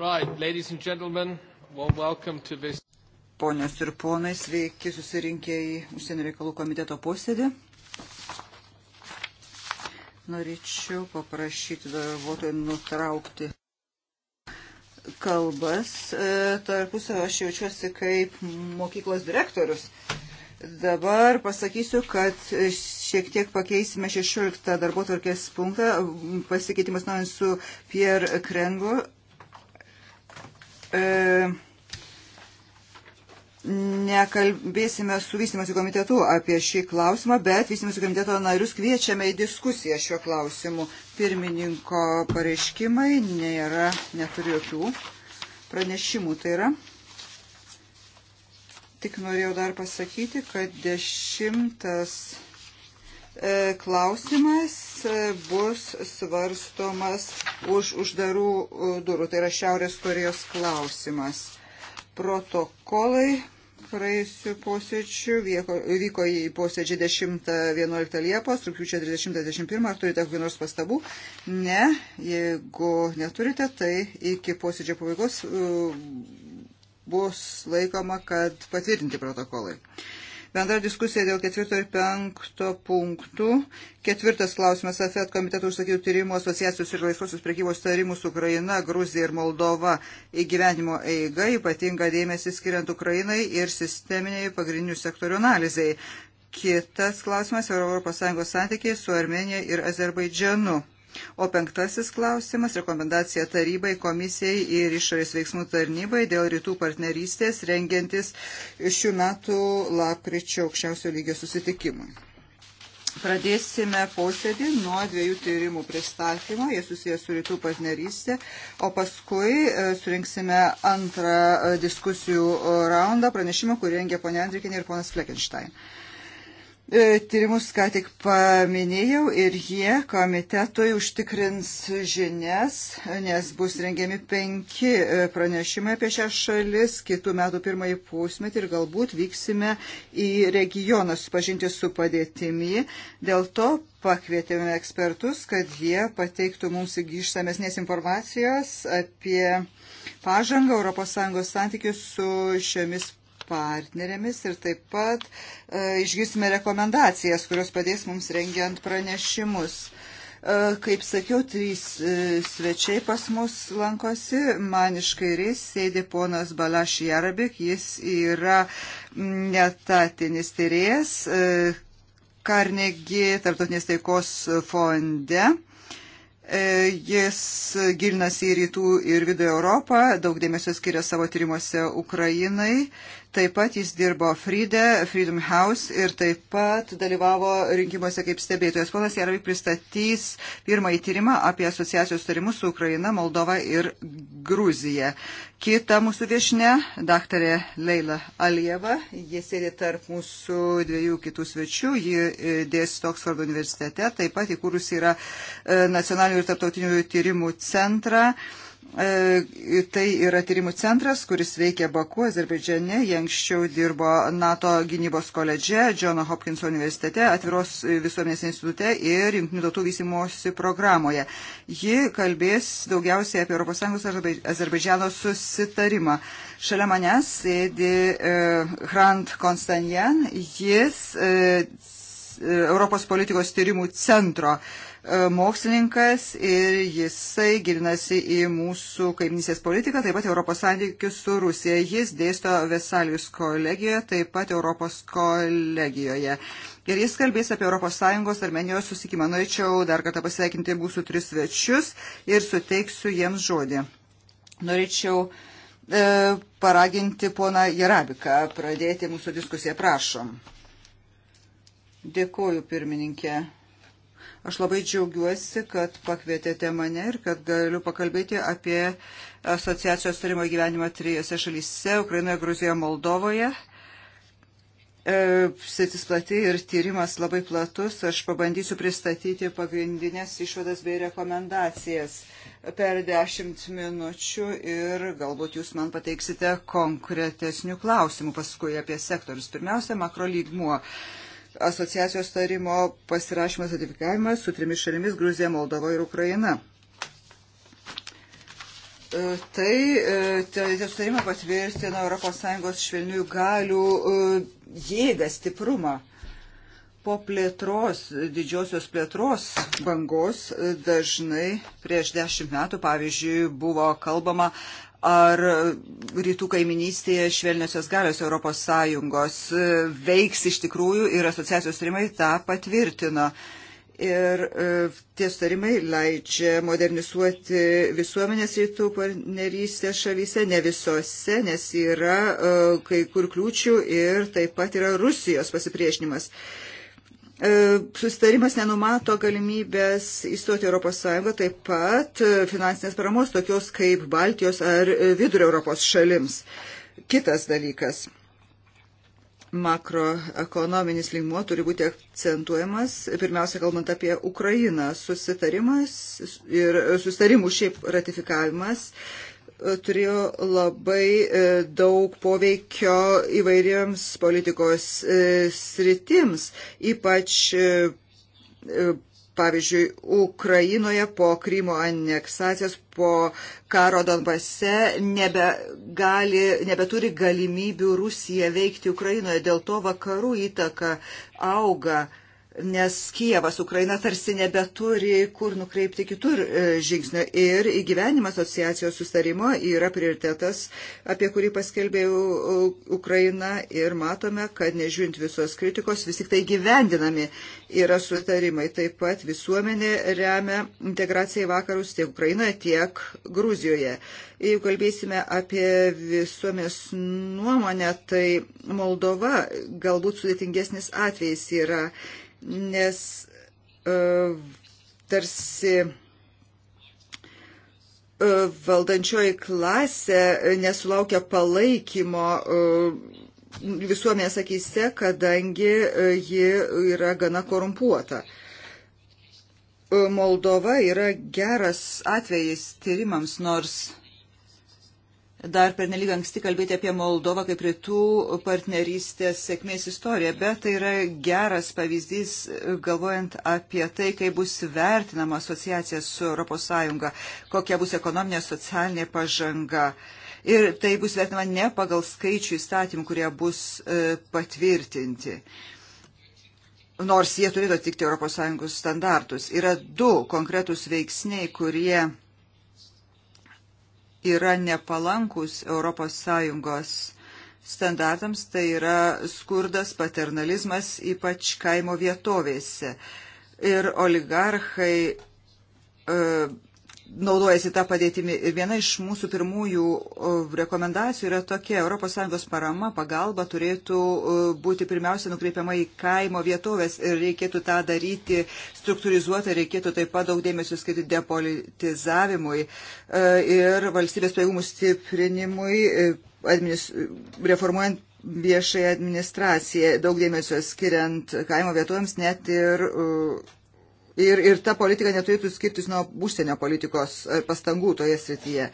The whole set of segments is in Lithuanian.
Right, ladies and gentlemen, well, welcome to this. Ponios ir ponai, sveiki susirinkę į Užsienio reikalų komiteto posėdį. Norėčiau paprašyti darbuotojų nutraukti kalbas. E, tarpusavio aš jaučiuosi kaip mokyklos direktorius. Dabar pasakysiu, kad šiek tiek pakeisime 16 darbo tvarkės punktą, pasikeitimas naujant su Pierre Krengu, e, nekalbėsime su vystimosi komitetu apie šį klausimą, bet vystimosi komiteto narius kviečiame į diskusiją šiuo klausimu. Pirmininko pareiškimai nėra, neturi jokių pranešimų. Tai yra. Tik norėjau dar pasakyti, kad dešimtas E, klausimas e, bus svarstomas už uždarų e, durų. Tai yra Šiaurės Korejos klausimas. Protokolai praėjusių posėdžių vyko, vyko į posėdžią 10-11 Liepos, rūpiučio 30-31. Ar turite kokių nors pastabų? Ne. Jeigu neturite, tai iki posėdžio pabaigos bus laikoma, kad patvirtinti protokolai. Bendra diskusija dėl ketvirto ir penkto punktų. Ketvirtas klausimas AFET komitetų užsakytų tyrimų asociacijos ir laisvosios prekybos tarimų su Ukraina, Gruzija ir Moldova įgyvenimo eiga, ypatinga dėmesį skiriant Ukrainai ir sisteminiai pagrindinių sektorių analizai. Kitas klausimas - ES santykiai su Armenija ir Azerbaidžianu. O penktasis klausimas - rekomendacija tarybai, komisijai ir išorės veiksmų tarnybai dėl rytų partnerystės rengiantis šių metų lapkričio aukščiausio lygio susitikimui. Pradėsime posėdį nuo dviejų tyrimų pristatymo, jie susijęs su rytų partnerystė, o paskui e, surinksime antrą e, diskusijų raundą pranešimą, kurį rengė ponia Andrikinė ir ponas Fleckenstein. E, tyrimus ką tik paminėjau ir jie komitetui užtikrins žinias, nes bus rengiami penki e, pranešimai apie šią šalis kitų metų pirmąjį pusmetį ir galbūt vyksime į regioną supažinti su padėtimi. Dėl to pakvietėme ekspertus, kad jie pateiktų mums išsamesnės informacijos apie pažangą ES santykius su šiomis partnerėmis ir taip pat e, išgirsime rekomendacijas, kurios padės mums rengiant pranešimus. E, kaip sakiau, trys e, svečiai pas mus lankosi. Man iš kairės sėdi ponas Balaš Jarabik, jis yra netatinis tyrėjas e, Karnegi Tarptautinės taikos fonde. E, jis gilinasi į rytų ir vidurio Europą, daug dėmesio skiria savo tyrimuose Ukrainai, Taip pat jis dirbo Fride, Freedom House ir taip pat dalyvavo rinkimuose kaip stebėtojas. Ponas Jaravik pristatys pirmąjį tyrimą apie asociacijos tarimus su Ukraina, Moldova ir Gruzija. Kita mūsų viešne, daktarė Leila Alieva, jie sėdė tarp mūsų dviejų kitų svečių, ji e, dėsto Oksfordo universitete, taip pat įkūrusi yra e, nacionalinių ir tarptautinių tyrimų centrą. Uh, E, tai yra tyrimų centras, kuris veikia Baku, Azerbaidžiane, jie anksčiau dirbo NATO gynybos koledže, Džono Hopkinso universitete, atviros visuomenės institute ir jungtinių tautų vystimosi programoje. Ji kalbės daugiausiai apie ES Azerbaidžiano susitarimą. Šalia manęs sėdi uh, Hrant Konstanjan, jis uh, Europos politikos tyrimų centro uh, mokslininkas ir jisai gilinasi į mūsų kaimynysės politiką, taip pat Europos santykius su Rusija. Jis dėsto Vesalijus kolegijoje, taip pat Europos kolegijoje. Ir jis kalbės apie ES Armenijos susikimą. Norėčiau dar kartą pasveikinti mūsų tris svečius ir suteiksiu jiems žodį. Norėčiau e, paraginti poną Jarabiką pradėti mūsų diskusiją. Prašom. Dėkuoju, pirmininkė. Aš labai džiaugiuosi, kad pakvietėte mane ir kad galiu pakalbėti apie asociacijos turimo gyvenimą trijose šalyse - Ukrainoje, Gruzijoje, Moldovoje. E, Sėtis plati ir tyrimas labai platus. Aš pabandysiu pristatyti pagrindinės išvadas bei rekomendacijas per dešimt minučių ir galbūt jūs man pateiksite konkretesnių klausimų paskui apie sektorius. Pirmiausia, makrolygmuo. lygmuo asociacijos tarimo pasirašymas ratifikavimas su trimis šalimis - Gruzija, Moldova ir Ukraina. E, tai e, tie sutarimai patvirtina ES švelnių galių e, jėgą, stiprumą. Po plėtros, didžiosios plėtros bangos dažnai prieš dešimt metų, pavyzdžiui, buvo kalbama, ar rytų kaiminystėje švelniosios galios Europos Sąjungos e, veiks iš tikrųjų ir asociacijos tarimai tą patvirtino. Ir e, tie starimai leidžia modernizuoti visuomenės rytų partnerystės šalyse, ne visose, nes yra e, kai kur kliūčių ir taip pat yra Rusijos pasipriešinimas. E, susitarimas nenumato galimybės įstoti Europos Sąjungą, taip pat e, finansinės paramos tokios kaip Baltijos ar e, Vidurio Europos šalims. Kitas dalykas. Makroekonominis lygmuo turi būti akcentuojamas, pirmiausia, kalbant apie Ukrainą. Susitarimas ir susitarimų šiaip ratifikavimas turėjo labai e, daug poveikio įvairiems politikos e, sritims, ypač e, pavyzdžiui, Ukrainoje po Krymo aneksacijos, po karo Donbase nebegali, nebeturi galimybių Rusija veikti Ukrainoje, dėl to vakarų įtaka auga nes Kievas, Ukraina tarsi nebeturi kur nukreipti kitur e, žingsnio ir įgyvenimo asociacijos sustarimo yra prioritetas, apie kurį paskelbėjau Ukraina ir matome, kad nežiūrint visos kritikos, vis tik tai gyvendinami yra sutarimai. Taip pat visuomenė remia integraciją į vakarus tiek Ukrainoje, tiek Gruzijoje. Jeigu kalbėsime apie visuomės nuomonę, tai Moldova galbūt sudėtingesnis atvejis yra nes e, tarsi e, valdančioji klasė nesulaukia palaikymo e, visuomenės akise, kadangi ji yra gana korumpuota. Moldova yra geras atvejis tyrimams, nors dar pernelyg anksti kalbėti apie Moldovą kaip rytų partnerystės sėkmės istoriją, bet tai yra geras pavyzdys, galvojant apie tai, kaip bus vertinama asociacija su ES, kokia bus ekonominė, socialinė pažanga. Ir tai bus vertinama ne pagal skaičių įstatymų, kurie bus e, patvirtinti. Nors jie turėtų atitikti ES standartus. Yra du konkretūs veiksniai, kurie yra nepalankus ES standartams, tai yra skurdas, paternalizmas, ypač kaimo vietovėse. Ir oligarchai e, naudojasi tą padėtimi. Ir viena iš mūsų pirmųjų e, rekomendacijų yra tokia, ES parama, pagalba turėtų e, būti pirmiausia nukreipiama į kaimo vietovės ir reikėtų tą daryti struktūrizuotą, reikėtų taip pat daug dėmesio skirti depolitizavimui e, ir valstybės pajėgumų stiprinimui, administ... reformuojant viešai administraciją, daug dėmesio skiriant kaimo vietovėms net ir uh, ir, ir ta politika neturėtų skirtis nuo užsienio politikos e, pastangų toje srityje.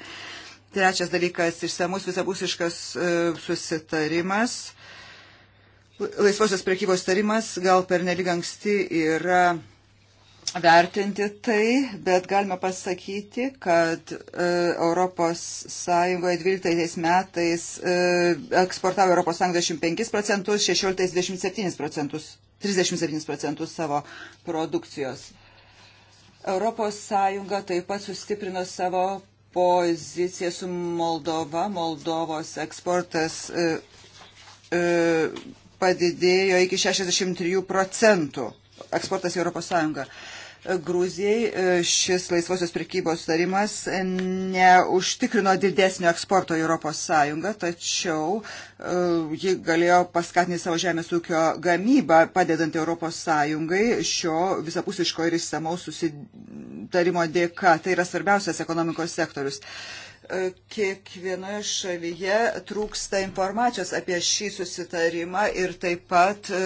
Trečias dalykas - išsamus visapusiškas e, susitarimas. Laisvosios prekybos tarimas gal per nelig anksti yra vertinti tai, bet galima pasakyti, kad e, Europos Sąjungoje 12 metais e, eksportavo Europos Sąjunga 25 procentus, 16 27 procentus, 37 procentus savo produkcijos. Europos Sąjunga taip pat sustiprino savo poziciją su Moldova. Moldovos eksportas e, padidėjo iki 63 procentų eksportas į Europos Sąjungą. Gruzijai e, šis laisvosios prekybos tarimas neužtikrino didesnio eksporto į Europos Sąjungą, tačiau e, ji galėjo paskatinti savo žemės ūkio gamybą, padedant Europos Sąjungai šio visapusiško ir išsamaus susitarimo dėka. Tai yra svarbiausias ekonomikos sektorius. Uh, E, kiekvienoje šalyje trūksta informacijos apie šį susitarimą ir taip pat e,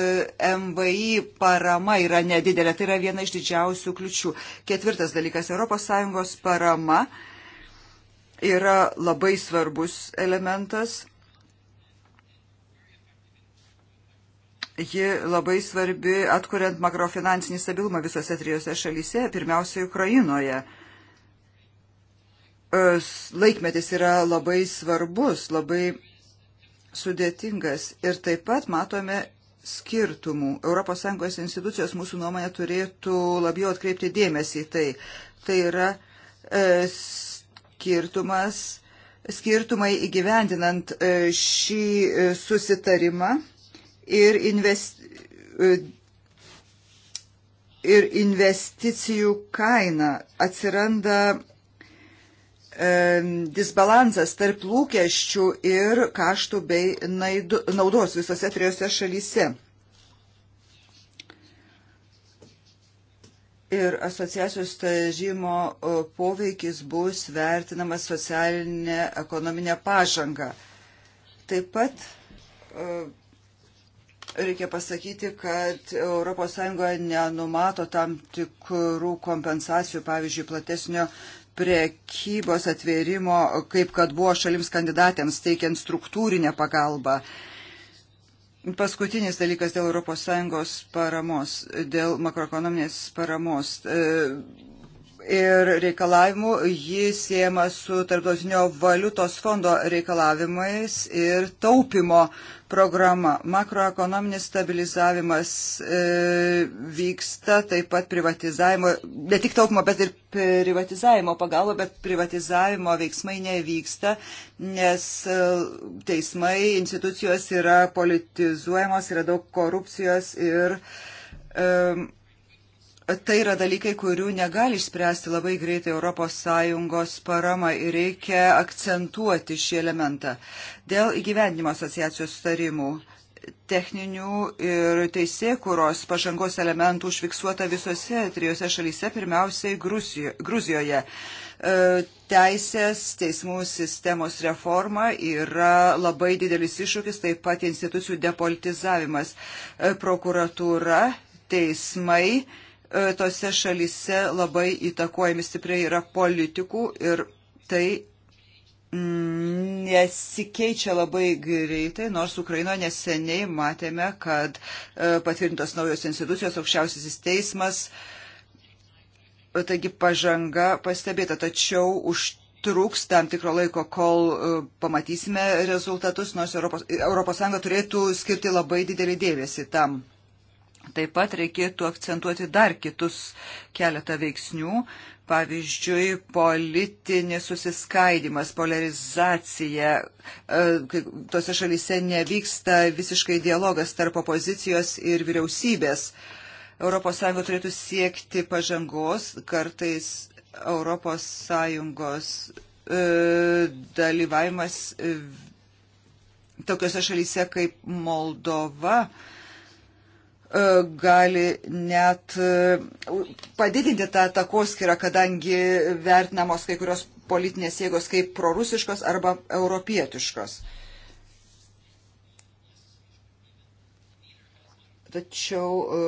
MVI parama yra nedidelė. Tai yra viena iš didžiausių kliučių. Ketvirtas dalykas - ES parama yra labai svarbus elementas. Ji labai svarbi atkuriant makrofinansinį stabilumą visose trijose šalyse, pirmiausiai Ukrainoje. E, laikmetis yra labai svarbus, labai sudėtingas ir taip pat matome skirtumų. ES institucijos mūsų nuomonė turėtų labiau atkreipti dėmesį į tai. Tai yra e, skirtumas, skirtumai įgyvendinant e, šį e, susitarimą ir, invest, e, ir investicijų kaina atsiranda disbalansas tarp lūkesčių ir kaštų bei naudos visose trijose šalyse. Ir asociacijos stažymo poveikis bus vertinamas socialinė ekonominė pažanga. Taip pat reikia pasakyti, kad ES nenumato tam tikrų kompensacijų, pavyzdžiui, platesnio uh, prekybos atvėrimo, kaip kad buvo šalims kandidatėms teikiant struktūrinę pagalbą. Paskutinis dalykas dėl ES paramos, dėl makroekonominės paramos. E, ir reikalavimų jis siejama su tarptautinio valiutos fondo reikalavimais ir taupimo uh, programa. Makroekonominis stabilizavimas e, vyksta taip pat privatizavimo, ne tik taupimo, bet ir privatizavimo pagalba, bet privatizavimo veiksmai nevyksta, nes e, teismai, institucijos yra politizuojamos, yra daug korupcijos ir um, Tai yra dalykai, kurių negali išspręsti labai greitai ES parama ir reikia akcentuoti šį elementą. Dėl įgyvendimo asociacijos sutarimų techninių ir teisėkuros pažangos elementų užfiksuota visose trijose šalyse, pirmiausiai Gruzijoje. E, teisės teismų sistemos reforma yra labai didelis iššūkis, taip pat institucijų depolitizavimas. E, prokuratūra, teismai E, tose šalise labai įtakojami stipriai yra politikų ir tai mm, nesikeičia labai greitai, nors Ukrainoje neseniai matėme, kad e, patvirtintos naujos institucijos, aukščiausiasis teismas, e, taigi pažanga pastebėta, tačiau už truks tam tikro laiko, kol pamatysime rezultatus, nors Europos, Europos Sąjunga turėtų skirti labai didelį dėmesį tam. Taip pat reikėtų akcentuoti dar kitus keletą veiksnių, pavyzdžiui, politinis susiskaidimas, polarizacija, e, kai tose šalyse nevyksta visiškai dialogas tarp opozicijos ir vyriausybės. ES turėtų siekti pažangos, kartais ES e, dalyvavimas tokiuose šalyse kaip Moldova, E, gali net e, padidinti tą takoskirą, kadangi vertinamos kai kurios politinės jėgos kaip prorusiškos arba europietiškos. Tačiau e,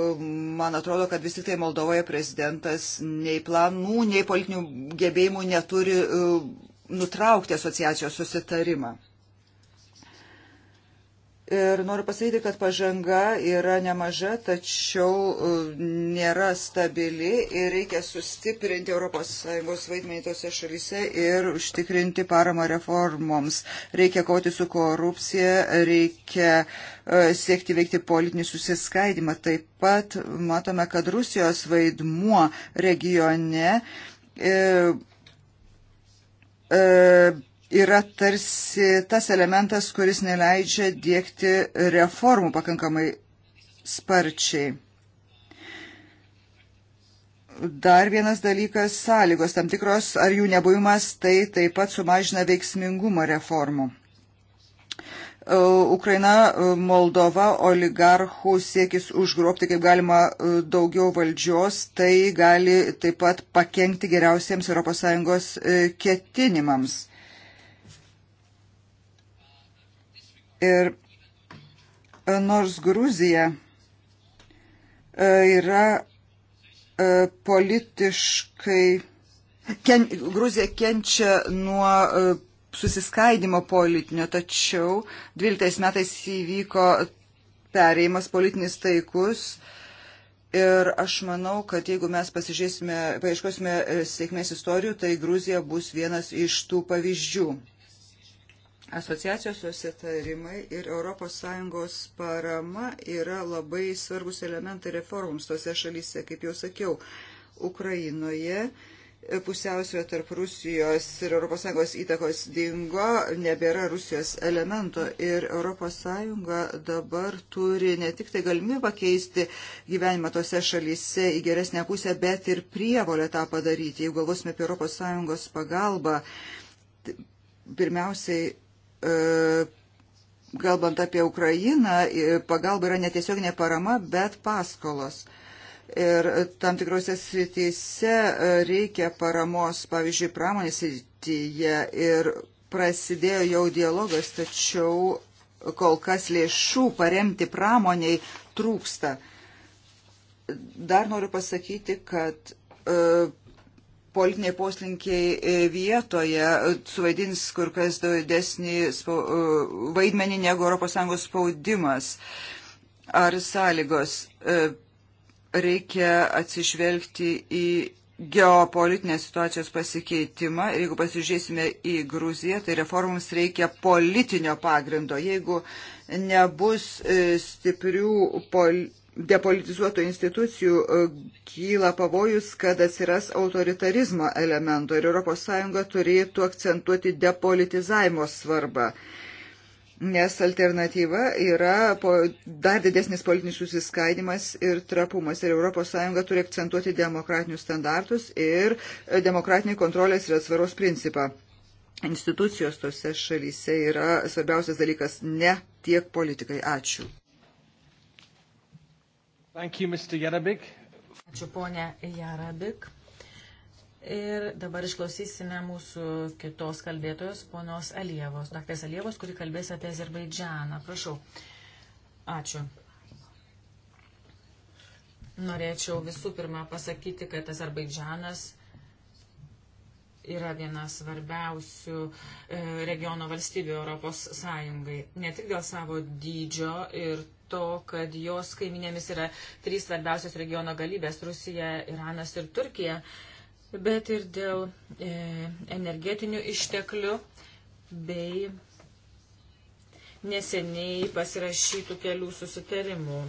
man atrodo, kad vis tik tai Moldovoje prezidentas nei planų, nei politinių gebėjimų neturi nutraukti asociacijos susitarimą. Ir noriu pasakyti, kad pažanga yra nemaža, tačiau e, nėra stabili ir reikia sustiprinti ES vaidmenį tose šalyse ir užtikrinti paramą reformoms. Reikia kovoti su korupcija, reikia e, siekti veikti politinį susiskaidimą. Taip pat matome, kad Rusijos vaidmuo regione. E, e, yra tarsi tas elementas, kuris neleidžia dėkti reformų pakankamai sparčiai. Dar vienas dalykas - sąlygos tam tikros ar jų nebuvimas, tai taip pat sumažina veiksmingumą reformų. E, Ukraina, e, Moldova, oligarchų siekis užgrobti kaip galima e, daugiau valdžios, tai gali taip pat pakengti geriausiems ES ketinimams Ir e, nors Gruzija e, yra e, politiškai, ken, Gruzija kenčia nuo susiskaidimo politinio, tačiau 12 metais įvyko perėjimas politinis taikus. Ir aš manau, kad jeigu mes pasižiūrėsime, paieškosime sėkmės istorijų, tai Gruzija bus vienas iš tų pavyzdžių. Asociacijos susitarimai ir ES parama yra labai svarbus elementai reformoms tose šalyse, kaip jau sakiau, Ukrainoje. E, Pusiausvė tarp Rusijos ir ES įtakos dingo, nebėra Rusijos elemento ir ES dabar turi ne tik tai galimybę pakeisti gyvenimą tose šalyse į geresnę pusę, bet ir prievolę tą padaryti. Jeigu galvosime apie ES pagalbą, pirmiausiai E, kalbant apie Ukrainą, e, pagalba yra netiesioginė parama, bet paskolos. Ir tam tikrose srityse e, reikia paramos, pavyzdžiui, pramonės srityje ir prasidėjo jau dialogas, tačiau kol kas lėšų paremti pramoniai trūksta. Dar noriu pasakyti, kad politiniai poslinkiai e, vietoje e, suvaidins kur kas didesnį e, vaidmenį negu ES spaudimas ar sąlygos. Reikia atsižvelgti į geopolitinės situacijos pasikeitimą. Jeigu pasižiūrėsime į Gruziją, tai reformams reikia politinio pagrindo. Jeigu nebus stiprių pol depolitizuotų institucijų e, kyla pavojus, kad atsiras autoritarizmo elemento ir ES turėtų akcentuoti depolitizavimo svarbą. Nes alternatyva yra po, dar didesnis politinis susiskaidimas ir trapumas. Ir ES turi akcentuoti demokratinius standartus ir demokratinį kontrolės ir atsvaros principą institucijos tose šalyse yra svarbiausias dalykas, ne tiek politikai. Ačiū. Thank you, Mr. Jarabik. Ačiū ponė Jarabik. Ir dabar išklausysime mūsų kitos kalbėtojos, ponios Alievos, daktarės Alievos, kuri kalbės apie Azerbaidžianą. Prašau. Ačiū. Norėčiau visų pirma pasakyti, kad Azerbaidžanas yra viena svarbiausių e, regiono valstybių Europos Sąjungai. Ne tik dėl savo dydžio ir to, kad jos kaiminėmis yra trys svarbiausios regiono galybės - Rusija, Iranas ir Turkija, bet ir dėl e, energetinių išteklių bei neseniai pasirašytų kelių susitarimų.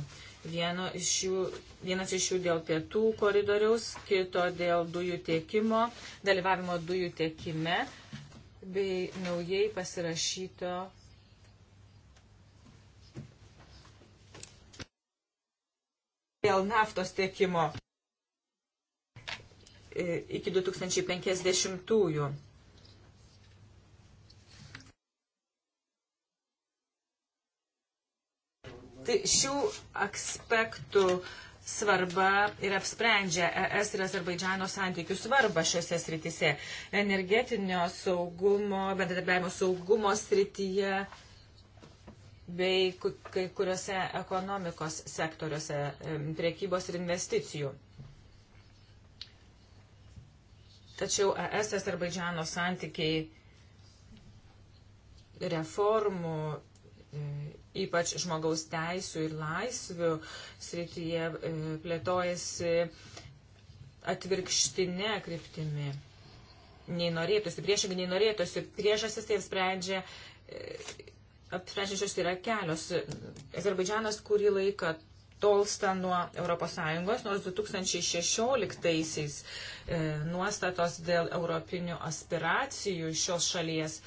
Vieno iš jų, vienas iš jų dėl pietų koridoriaus, kito dėl dujų tiekimo, dalyvavimo dujų tiekime bei naujai pasirašyto dėl naftos tiekimo e, iki 2050-ųjų. Tai šių aspektų svarba ir apsprendžia ES ir Azerbaidžiano santykių svarbą šiuose srityse. Energetinio saugumo, bendradarbiavimo saugumo srityje bei kai kuriuose ekonomikos sektoriuose priekybos ir investicijų. Tačiau ES Azerbaidžiano santykiai reformų, e, ypač žmogaus teisų ir laisvių srityje e, plėtojasi atvirkštinė kryptimi. Nei norėtųsi, priešingai nei norėtųsi, priežastis tai sprendžia e, apsprendžiančios yra kelios. Azerbaidžianas kurį laiką tolsta nuo ES, nors 2016-aisiais e, nuostatos dėl europinių aspiracijų šios šalies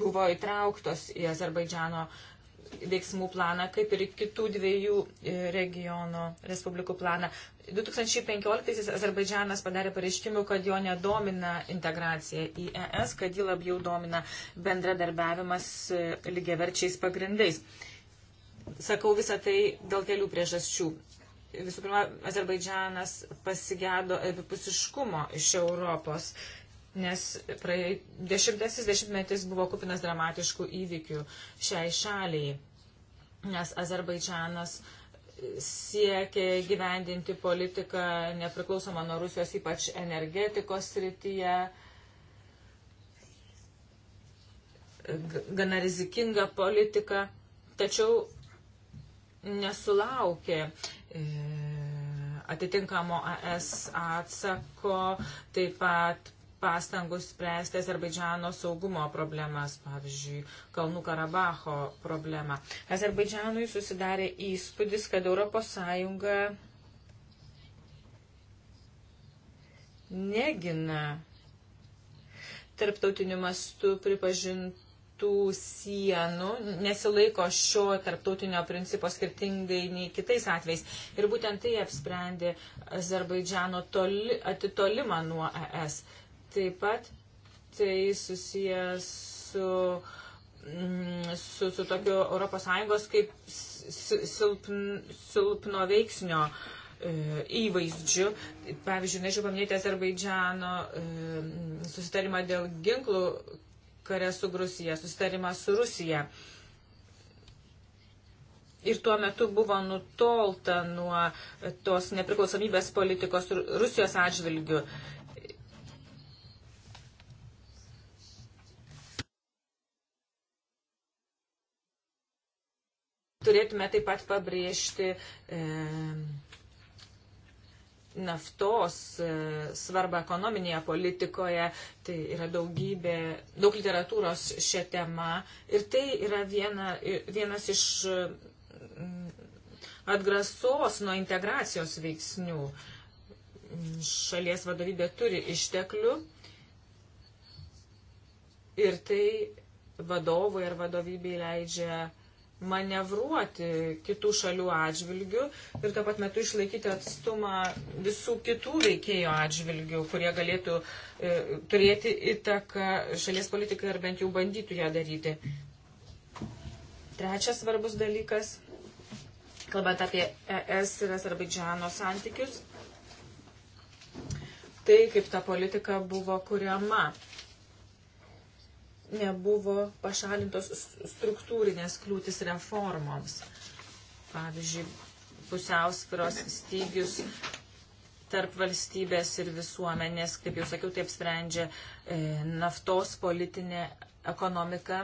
buvo įtrauktos į Azerbaidžiano veiksmų planą, kaip ir kitų dviejų e, regiono respublikų planą. 2015-aisiais Azerbaidžianas padarė pareiškimų, kad jo nedomina integracija į ES, kad jį labiau domina bendradarbiavimas e, lygiaverčiais pagrindais. Sakau visą tai dėl kelių priežasčių. Visų pirma, Azerbaidžianas pasigėdo abipusiškumo iš Europos, nes praėjai dešimtasis dešimtmetis buvo kupinas dramatiškų įvykių šiai šaliai, nes Azerbaidžianas uh, siekia gyvendinti politiką nepriklausomą nuo Rusijos, ypač energetikos srityje. Gana rizikinga politika, tačiau nesulaukė e, atitinkamo AS atsako, taip pat pastangų spręsti Azerbaidžiano saugumo problemas, pavyzdžiui, Kalnų Karabaho problemą. Azerbaidžianui susidarė įspūdis, kad ES negina tarptautiniu mastu pripažintų sienų, nesilaiko šio tarptautinio principo skirtingai nei kitais atvejais. Ir būtent tai apsprendė Azerbaidžiano toli, atitolimą nuo ES. Uh, Taip pat tai susijęs su, mm, su, su tokiu ES kaip silpn, silpno veiksnio e, įvaizdžiu. Pavyzdžiui, norėčiau paminėti Azerbaidžiano e, susitarimą dėl ginklų kare su Rusija, susitarimą su Rusija. Ir tuo metu buvo nutolta nuo tos nepriklausomybės politikos Rusijos atžvilgių. turėtume taip pat pabrėžti e, naftos e, svarbą ekonominėje politikoje. Tai yra daugybė, daug literatūros šią temą. Ir tai yra viena, vienas iš mm, atgrasos nuo integracijos veiksnių. Šalies vadovybė turi išteklių ir tai vadovui ar vadovybei leidžia manevruoti kitų šalių atžvilgių ir tuo pat metu išlaikyti atstumą visų kitų veikėjų atžvilgių, kurie galėtų e, turėti įtaką šalies politikai ar bent jau bandytų ją daryti. Trečias svarbus dalykas, kalbant apie ES ir Azerbaidžiano santykius, tai kaip ta politika buvo kuriama nebuvo pašalintos struktūrinės kliūtis reformoms. Pavyzdžiui, pusiausviros stygius tarp valstybės ir visuomenės, kaip jau sakiau, taip sprendžia e, naftos politinė ekonomika.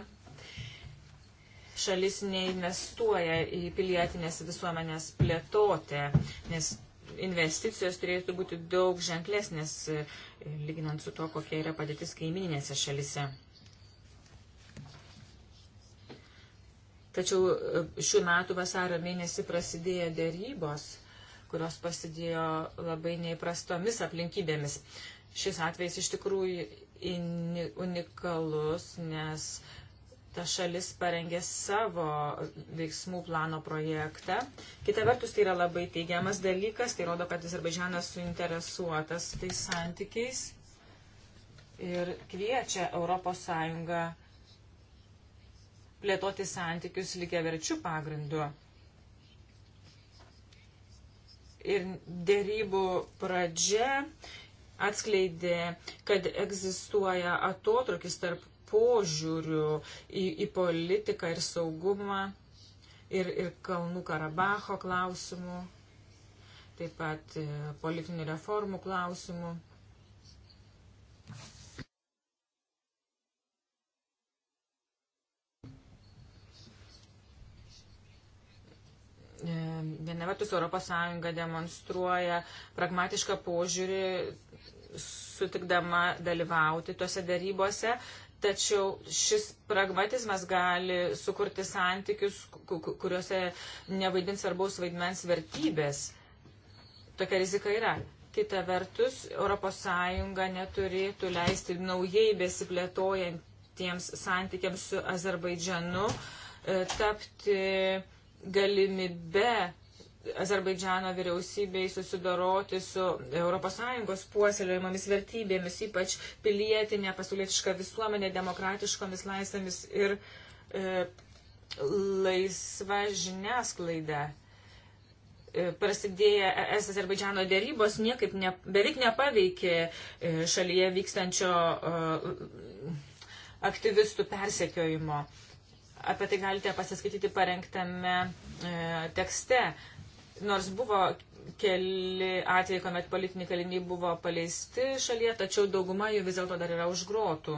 Šalis neinvestuoja į pilietinės visuomenės plėtotę, nes investicijos turėtų būti daug ženklesnės, e, lyginant su to, kokia yra padėtis kaimininėse šalise. Tačiau e, šių metų vasario mėnesį prasidėjo dėrybos, kurios pasidėjo labai neįprastomis aplinkybėmis. Šis atvejs iš tikrųjų unikalus, nes ta šalis parengė savo veiksmų plano projektą. Kita vertus, tai yra labai teigiamas dalykas, tai rodo, kad Azerbaidžianas suinteresuotas tais santykiais ir kviečia ES plėtoti santykius lygiai verčių pagrindu. Ir dėrybų pradžia atskleidė, kad egzistuoja atotrukis tarp požiūrių į, į politiką ir saugumą ir, ir Kalnų Karabacho klausimų, taip pat e, politinių reformų klausimų. E, viena vertus ES demonstruoja pragmatišką požiūrį sutikdama dalyvauti tuose darybose, tačiau šis pragmatizmas gali sukurti santykius, kuriuose nevaidins svarbaus vaidmens vertybės. Tokia rizika yra. Kita vertus, ES neturėtų leisti naujai besiplėtojantiems santykiams su Azerbaidžianu e, tapti galimybe Azerbaidžiano vyriausybei susidoroti su ES puoselėjimamis vertybėmis, ypač pilietinė, pasaulietiška visuomenė, demokratiškomis laisvėmis ir e, laisva žiniasklaida. E, prasidėję ES Azerbaidžiano dėrybos niekaip ne, beveik nepaveikė e, šalyje vykstančio e, aktyvistų persekiojimo. E, Apie tai galite pasiskaityti parengtame e, tekste. Nors buvo keli atvejai, kuomet politiniai kaliniai buvo paleisti šalyje, tačiau dauguma jų vis dėlto dar yra užgrotų.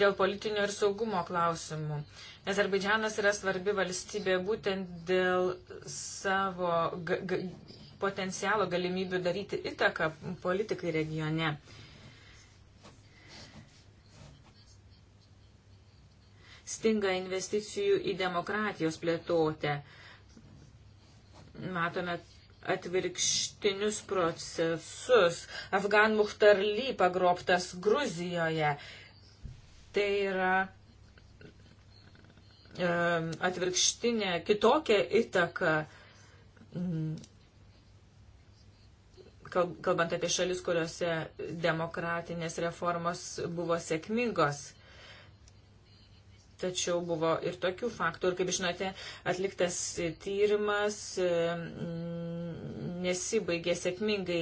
Dėl politinio ir saugumo klausimų. Azerbaidžianas yra svarbi valstybė būtent dėl savo potencialo galimybių daryti įtaką politikai regione. Uh, stinga investicijų į demokratijos plėtotę. Matome atvirkštinius procesus. Afgan Muhtarly pagrobtas Gruzijoje. Tai yra atvirkštinė kitokia įtaka, kalbant apie šalis, kuriuose demokratinės reformos buvo sėkmingos. Tačiau buvo ir tokių faktų. Ir kaip žinote, atliktas tyrimas e, nesibaigė sėkmingai.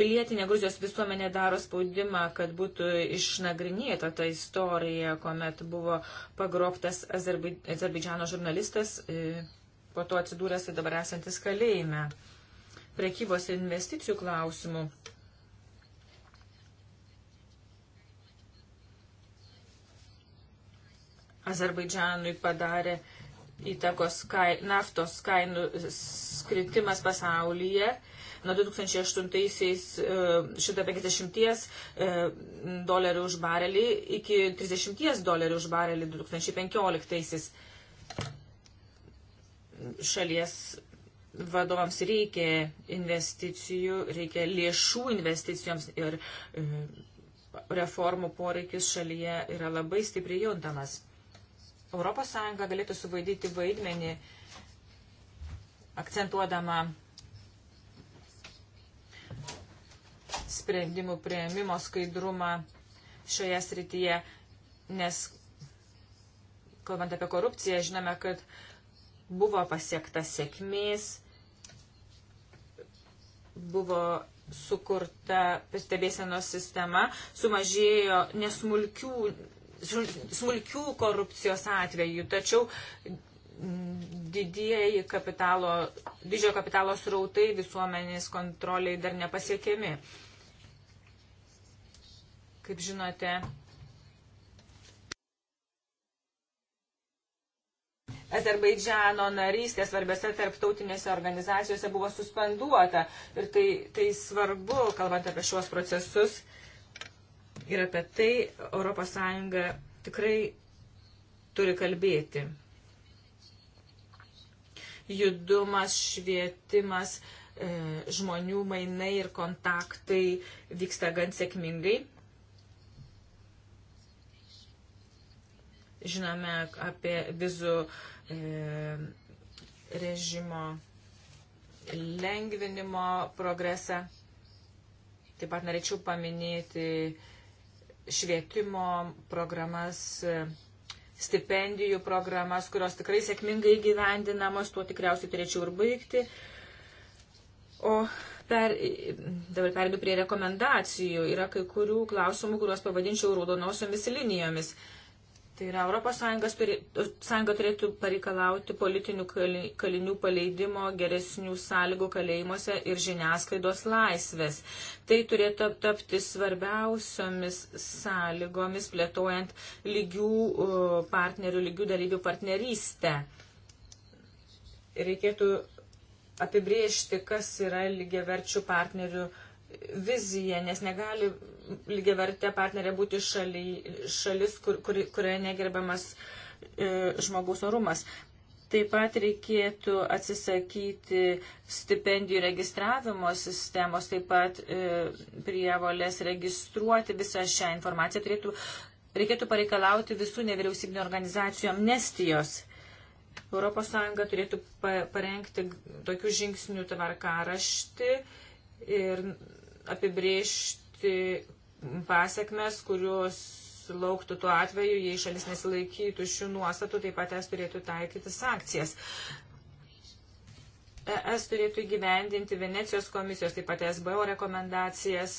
Pilietinė Gruzijos visuomenė daro spaudimą, kad būtų išnagrinėta ta istorija, kuomet buvo pagrobtas Azerbaidžiano žurnalistas, e, po to atsidūręs ir dabar esantis kalėjime. Prekybos investicijų klausimų Azerbaidžianui padarė įtakos kai, naftos kainų skritimas pasaulyje. Nuo 2008-aisiais 150 e, e, dolerių už barelį iki 30 dolerių už barelį 2015-aisiais šalies vadovams reikia investicijų, reikia lėšų investicijoms ir e, reformų poreikis šalyje yra labai stipriai juntamas. ES galėtų suvaidyti vaidmenį, akcentuodama sprendimų prieimimo skaidrumą šioje srityje, nes, kalbant apie korupciją, žinome, kad buvo pasiekta sėkmės, buvo sukurta stebėsenos sistema, sumažėjo nesmulkių smulkių korupcijos atvejų, tačiau didieji kapitalo, didžiojo kapitalo srautai visuomenės kontroliai dar nepasiekiami. Kaip žinote, Azerbaidžiano narystė svarbiose tarptautinėse organizacijose buvo suspenduota ir tai, tai svarbu, kalbant apie šiuos procesus. Uh, Ir apie tai ES tikrai turi kalbėti. Judumas, švietimas, e, žmonių mainai ir kontaktai vyksta gan sėkmingai. Žinome apie vizų e, režimo lengvinimo progresą. Taip pat norėčiau paminėti e, švietimo programas, stipendijų programas, kurios tikrai sėkmingai gyvendinamos, tuo tikriausiai turėčiau ir baigti. O per, dabar perėdu prie rekomendacijų. Yra kai kurių klausimų, kuriuos pavadinčiau raudonosiomis linijomis. Uh, Tai yra ES sąjunga turėtų pareikalauti politinių kalinių paleidimo, geresnių sąlygų kalėjimuose ir žiniasklaidos laisvės. Tai turėtų tapti svarbiausiomis sąlygomis plėtojant lygių partnerių, lygių dalyvių partnerystę. Reikėtų apibriežti, kas yra lygiaverčių partnerių viziją, nes negali lygiai vertė partnerė būti šaly, šalis, kur, kur, kurioje negerbiamas e, žmogaus orumas. Taip pat reikėtų atsisakyti stipendijų registravimo sistemos, taip pat e, prievolės registruoti visą šią informaciją. Turėtų, reikėtų pareikalauti visų nevyriausybinio organizacijų amnestijos. ES turėtų parengti tokių žingsnių tvarkaraštį ir apibriežti pasiekmes, kurios lauktų tuo atveju, jei šalis nesilaikytų šių nuostatų, taip pat es turėtų taikyti sankcijas. ES turėtų įgyvendinti Venecijos komisijos, taip pat SBO rekomendacijas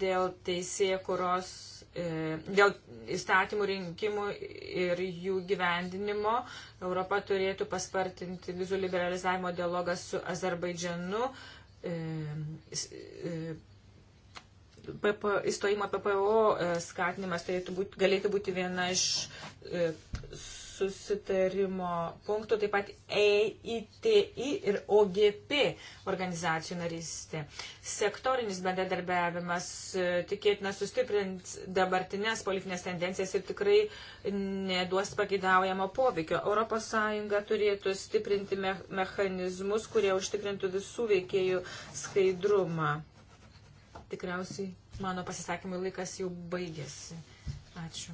dėl teisėkuros, e, dėl įstatymų rinkimų ir jų gyvendinimo. Europa turėtų paspartinti vizų liberalizavimo dialogą su Azerbaidžianu, PP, e, e, įstojimo PPO e, skatinimas turėtų būti, galėtų būti viena iš susitarimo punktų, taip pat EITI ir OGP organizacijų narystė. Sektorinis bendradarbiavimas e, tikėtina sustiprint dabartinės politinės tendencijas ir tikrai neduos pagidaujamo poveikio. ES turėtų stiprinti me mechanizmus, kurie užtikrintų visų veikėjų skaidrumą. Tikriausiai mano pasisakymui laikas jau baigėsi. Ačiū.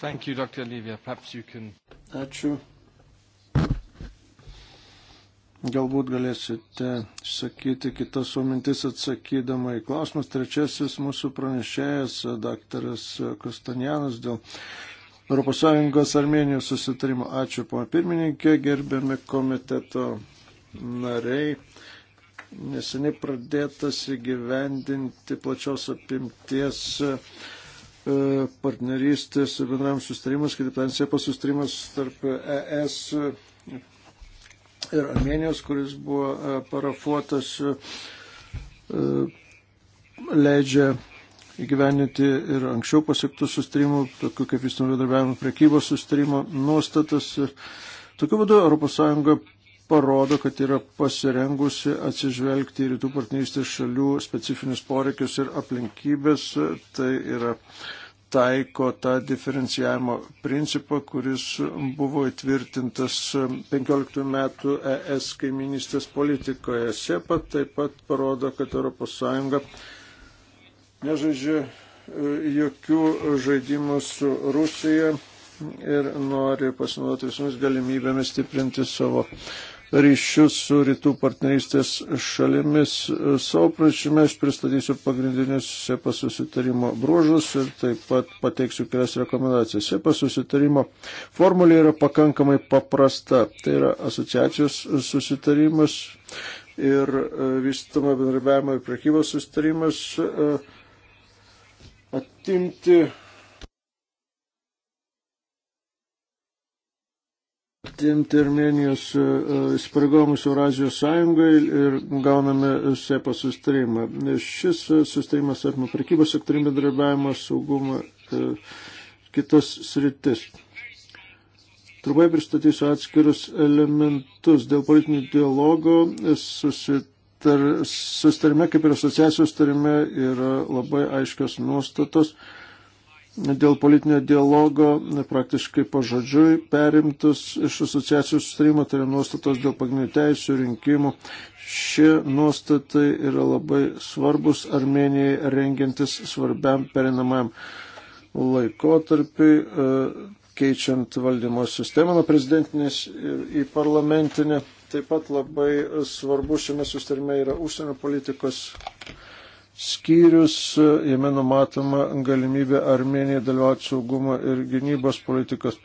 Thank you, Dr. Livia. Perhaps you can... Ačiū. Galbūt galėsite sakyti kitas savo mintis atsakydama į klausimus. Trečiasis mūsų pranešėjas, daktaras Kostanjanas, dėl ES Armenijos susitarimo. Ačiū, pana pirmininkė, gerbiami komiteto nariai. Neseniai pradėtas įgyvendinti plačios apimties E, partnerystės ir bendram sustarimas, kitaip tariant, SEPA sustarimas tarp ES ir Armenijos, kuris buvo e, parafuotas, e, leidžia įgyveninti ir anksčiau pasiektų sustarimų, tokių kaip vystymo bendradarbiavimo prekybos sustarimo nuostatas. Tokiu būdu ES parodo, kad yra pasirengusi atsižvelgti į rytų partnerystės šalių specifinius poreikius ir aplinkybės. Tai yra taiko tą diferencijavimo principą, kuris buvo įtvirtintas 15 metų ES kaiminystės politikoje. SEPA taip pat parodo, kad ES nežaidžia e, jokių žaidimų su Rusija ir nori pasinaudoti visomis galimybėmis stiprinti savo ryšius su rytų partnerystės šalimis. Savo prašymę aš pristatysiu pagrindinius SEPA susitarimo bruožus ir taip pat pateiksiu kelias rekomendacijas. SEPA susitarimo formulė yra pakankamai paprasta. Tai yra asociacijos susitarimas ir e, vystoma bendradarbiavimo ir prekybos susitarimas e, atimti Tinti Armenijos e, e, įsipareigojimus Eurazijos sąjungai ir gauname SEPA sustarimą. Šis e, sustarimas apima prekybos sektorių bendradarbiavimą, saugumą, kitas sritis. Trumpai pristatysiu atskirus elementus dėl politinių dialogo susitikimų tar, sustarime, kaip ir asociacijos sustarime, yra labai aiškios nuostatos, dėl politinio dialogo praktiškai pažodžiui perimtus iš asociacijų sustarimo, tai yra nuostatos dėl pagrindinių teisų rinkimų. Šie nuostatai yra labai svarbus Armenijai rengiantis svarbiam perinamajam laikotarpiui, e, keičiant valdymo sistemą nuo prezidentinės į parlamentinę. Taip pat labai svarbu šiame sustarime yra užsienio politikos skyrius, jame numatoma galimybė Armenijai dalyvauti saugumo ir gynybos politikos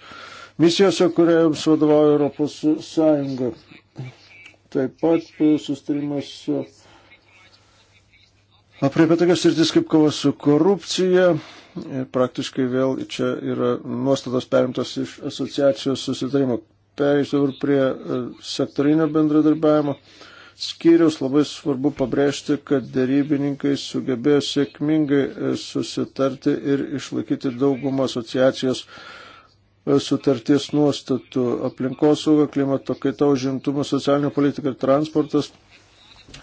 misijose, kuriams vadovauja Europos Sąjunga. Taip pat sustarimas apriepia tokias sritis kaip kova su korupcija. Ir praktiškai vėl čia yra nuostatos perimtos iš asociacijos susitarimo. Perėsiu ir prie e, sektorinio bendradarbiavimo skyrius, labai svarbu pabrėžti, kad dėrybininkai sugebėjo sėkmingai e, susitarti ir išlaikyti daugumą asociacijos e, sutarties nuostatų aplinkosauga, klimato kaita, užimtumas, socialinė politika ir transportas.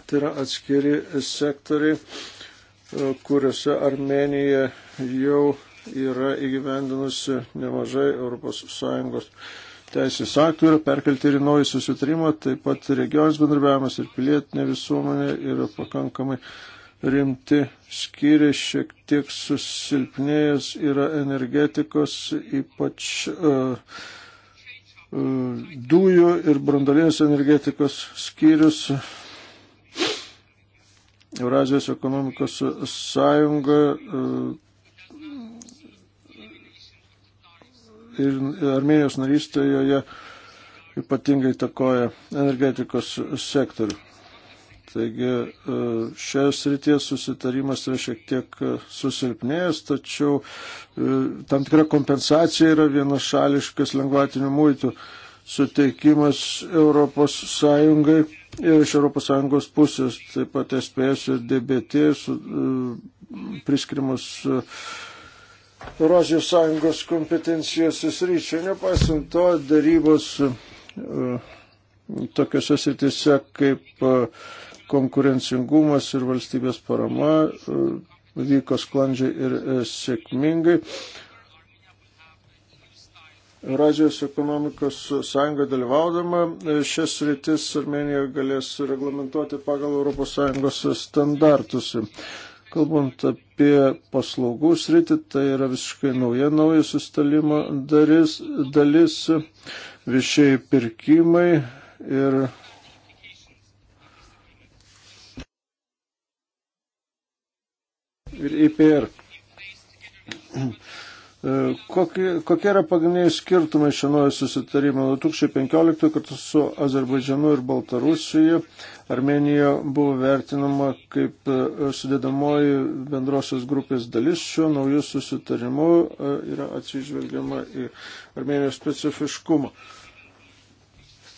Tai yra atskiri sektoriai, e, kuriuose Armenija jau yra įgyvendinusi nemažai ES teisės aktų yra perkelti ir į naują susitarimą, taip pat regionis bendrabiavimas ir pilietinė visuomenė yra pakankamai rimti skyri, šiek tiek susilpnėjęs yra energetikos, ypač uh, uh, dujų ir brandalinės energetikos skyrius. Eurazijos ekonomikos sąjunga uh, ir Armenijos narystė joje ypatingai takoja energetikos sektorių. Taigi e, šios ryties susitarimas yra šiek tiek e, susilpnėjęs, tačiau e, tam tikra kompensacija yra vienašališkas lengvatinių muitų suteikimas Europos Sąjungai ir iš Europos Sąjungos pusės, taip pat SPS ir DBT priskirimus uh, Rožių sąjungos kompetencijos įsryčio. Nepaisant to, darybos e, tokiuose sritise kaip e, konkurencingumas ir valstybės parama e, vyko sklandžiai ir sėkmingai. Eurazijos ekonomikos sąjunga dalyvaudama šias rytis Armenija galės reglamentuoti pagal ES standartus. Kalbant apie apie paslaugų sritį, tai yra visiškai nauja, nauja sustalimo dalis, dalis viešiai pirkimai ir ir IPR. E, kokie, kokie yra pagrindiniai skirtumai šianojo susitarimo? 2015 kartu su Azerbaidžianu ir Baltarusija Armenija buvo vertinama kaip e, sudėdamoji bendrosios grupės dalis. Šiuo nauju susitarimu e, yra atsižvelgiama į Armenijos specifiškumą.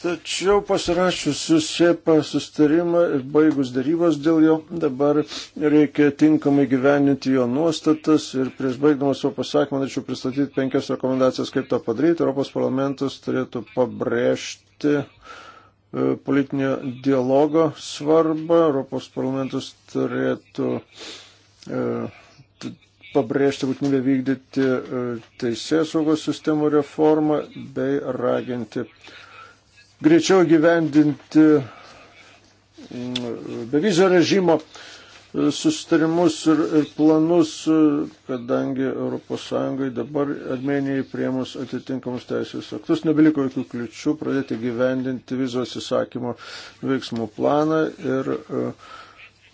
Tačiau pasirašius SEPA sustarimą ir baigus darybos dėl jo, dabar reikia tinkamai gyveninti jo nuostatas ir prieš baigdamas savo pasakymą norėčiau pristatyti penkias rekomendacijas, kaip tą padaryti. Europos parlamentas turėtų pabrėžti e, politinio dialogo svarbą. Europos parlamentas turėtų e, pabrėžti būtinybę vykdyti e, teisės saugos sistemų reformą bei raginti greičiau gyvendinti mm, bevizio režimo e, sustarimus ir, ir planus, e, kadangi ES dabar Armenijai priemus atitinkamus teisės aktus nebeliko jokių kliučių pradėti gyvendinti vizos įsakymo veiksmų planą ir uh,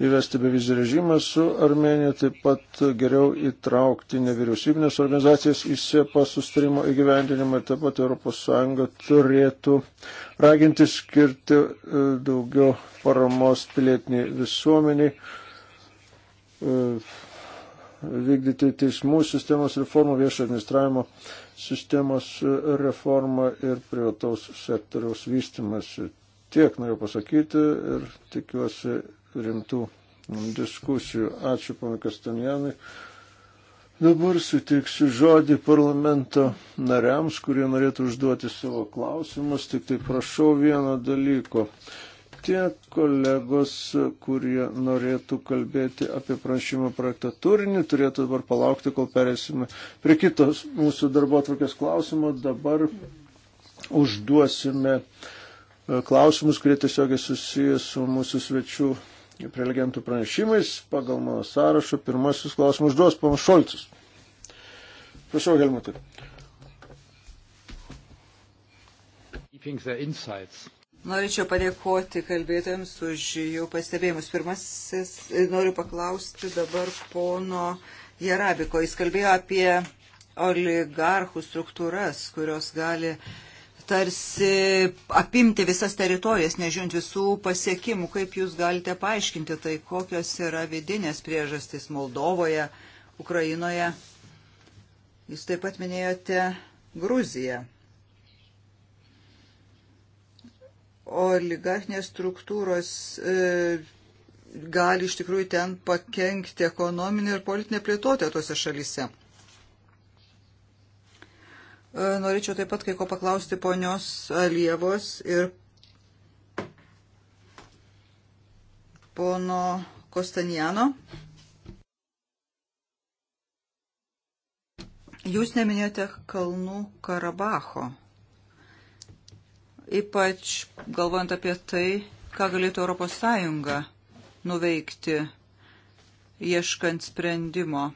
įvesti bevizį režimą su Armenija, taip pat geriau įtraukti nevyriausybinės organizacijas į SEPA sustarimo įgyvendinimą ir taip pat ES turėtų raginti skirti e, daugiau paramos pilietiniai visuomeniai e, vykdyti teismų sistemos reformą, viešo administravimo sistemos e, reformą ir privataus sektoriaus vystimas. Tiek noriu pasakyti ir tikiuosi rimtų diskusijų. Ačiū, pana Kastanjanai. Dabar sutiksiu žodį parlamento nariams, kurie norėtų užduoti savo klausimus, tik tai prašau vieno dalyko. Tie kolegos, kurie norėtų kalbėti apie pranešimo projektą turinį, turėtų dabar palaukti, kol perėsime prie kitos mūsų darbo atvarkės klausimo. Dabar užduosime e, klausimus, kurie tiesiogiai susijęs su mūsų svečių prelegentų pranešimais. Pagal mano sąrašą pirmasis klausimas užduos panas Šolcis. Prašau, Helmutai. Norėčiau padėkoti kalbėtojams už jų pastebėjimus. Pirmasis e, noriu paklausti dabar pono Jarabiko. Jis kalbėjo apie oligarchų struktūras, kurios gali uh, tarsi apimti visas teritorijas, nežiūrint visų pasiekimų. Kaip jūs galite paaiškinti tai, kokios yra vidinės priežastys Moldovoje, Ukrainoje? Jūs taip pat minėjote Gruziją. Oligarchinės struktūros e, gali iš tikrųjų ten pakengti ekonominį ir politinę plėtotę tose šalyse. E, norėčiau taip pat kai ko paklausti ponios Alievos ir pono Kostanjano. Jūs neminėjote Kalnų Karabacho. Ypač galvojant apie tai, ką galėtų ES nuveikti, ieškant sprendimo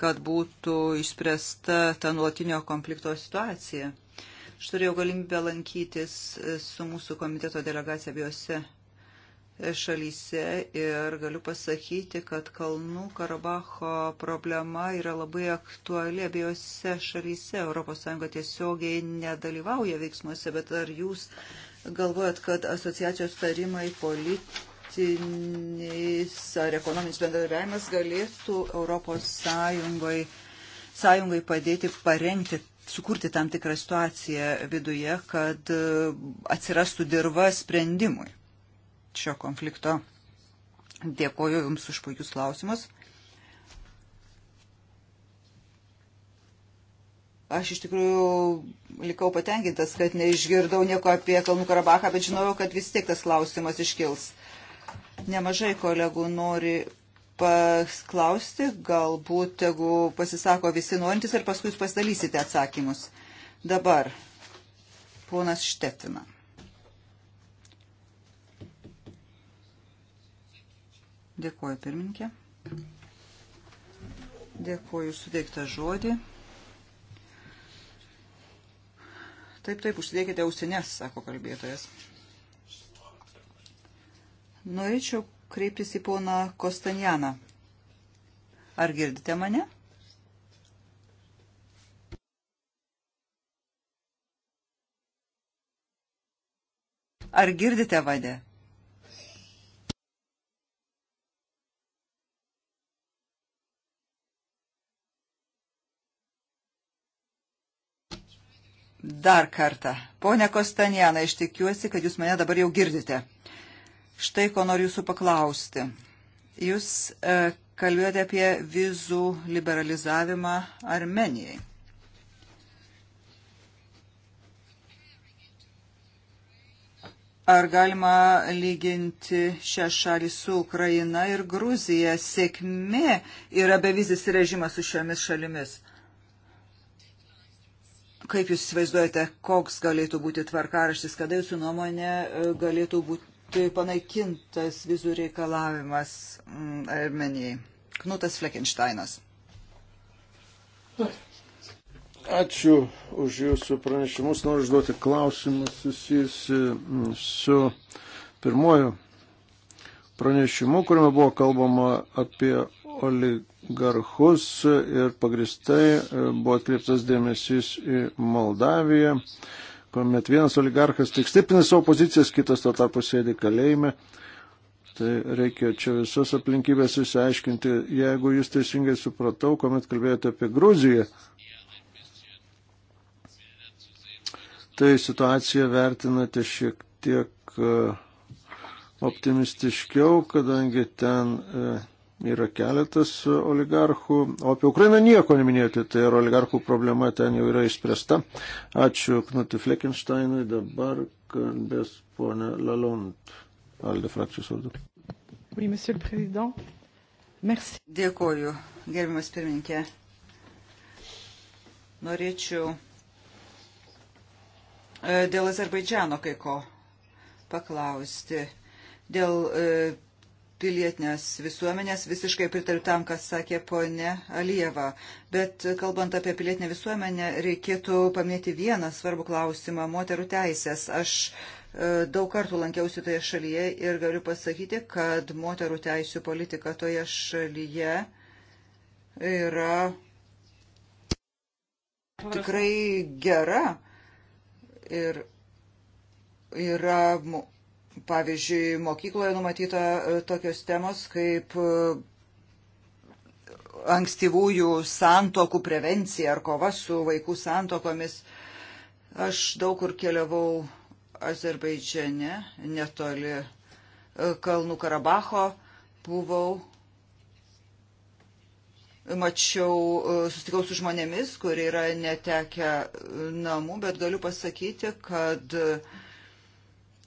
kad būtų išspręsta ta nuolatinio konflikto situacija. Aš turėjau galimybę lankytis e, su mūsų komiteto delegacija abiejose e, šalyse ir galiu pasakyti, kad Kalnų Karabacho problema yra labai aktuali abiejose šalyse. ES tiesiogiai nedalyvauja veiksmuose, bet ar jūs galvojat, kad asociacijos tarimai, politika, politinis ar ekonominis bendradarbiavimas galėtų Europos Sąjungoje sąjungai padėti parengti, sukurti tam tikrą situaciją viduje, kad e, atsirastų dirba sprendimui šio konflikto. Dėkoju Jums už puikius klausimus. Aš iš tikrųjų likau patenkintas, kad neišgirdau nieko apie Kalnų Karabachą, bet žinojau, kad vis tiek tas klausimas iškils. Nemažai kolegų nori pasklausti, galbūt tegu pasisako visi norintys ir paskui jūs pasidalysite atsakymus. Dabar ponas Štetina. Dėkuoju pirmininkė. Dėkuoju sudėktą žodį. Taip, taip, užsidėkite ausinės, sako kalbėtojas. Norėčiau kreiptis į poną Kostanjaną. Ar girdite mane? Ar girdite vadę? Dar kartą. Pone Kostanjanai, aš tikiuosi, kad jūs mane dabar jau girdite. Štai ko noriu jūsų paklausti. Jūs e, kalbėjote apie vizų liberalizavimą Armenijai. Ar galima lyginti šią šalį su Ukraina ir Gruzija? Sėkmė yra bevizis režimas su šiomis šalimis. Kaip Jūs įsivaizduojate, koks galėtų būti tvarkaraštis, kada Jūsų nuomonė e, galėtų būti, būti panaikintas vizų reikalavimas mm, Armenijai. Knutas Fleckensteinas. Ačiū už Jūsų pranešimus. Noriu užduoti klausimą susijusi mm, su pirmoju pranešimu, kuriame buvo kalbama apie oligarchus ir pagristai e, buvo atkreiptas dėmesys į Moldaviją kuomet vienas oligarchas tik stiprina savo pozicijas, kitas tuo tarpu sėdi kalėjime. Tai reikia čia visas aplinkybės išsiaiškinti. Jeigu jūs teisingai supratau, kuomet kalbėjote apie Gruziją, tai situaciją vertinate šiek tiek e, optimistiškiau, kadangi ten e, yra keletas oligarchų, o apie Ukrainą nieko neminėjote, tai yra oligarchų problema ten jau yra išspręsta. Ačiū Knutui Fleckensteinui, dabar kalbės ponė Lalond, Alde frakcijos vardu. Oui, monsieur le président. Merci. Dėkoju, gerbiamas pirmininkė. Norėčiau e, dėl Azerbaidžiano kai ko paklausti. Dėl e, pilietinės visuomenės. Visiškai pritariu tam, kas sakė ponė Alieva. Bet kalbant apie pilietinę visuomenę, reikėtų paminėti vieną svarbų klausimą - moterų teisės. Aš e, daug kartų lankiausi toje šalyje ir galiu pasakyti, kad moterų teisų politika toje šalyje yra tikrai gera. Ir yra Pavyzdžiui, mokykloje numatyta e, tokios temos kaip e, ankstyvųjų santokų prevencija ar kova su vaikų santokomis. Aš daug kur keliavau Azerbaidžiane, netoli e, Kalnų Karabacho buvau, mačiau, susitikau su žmonėmis, kurie yra netekę namų, bet galiu pasakyti, kad uh,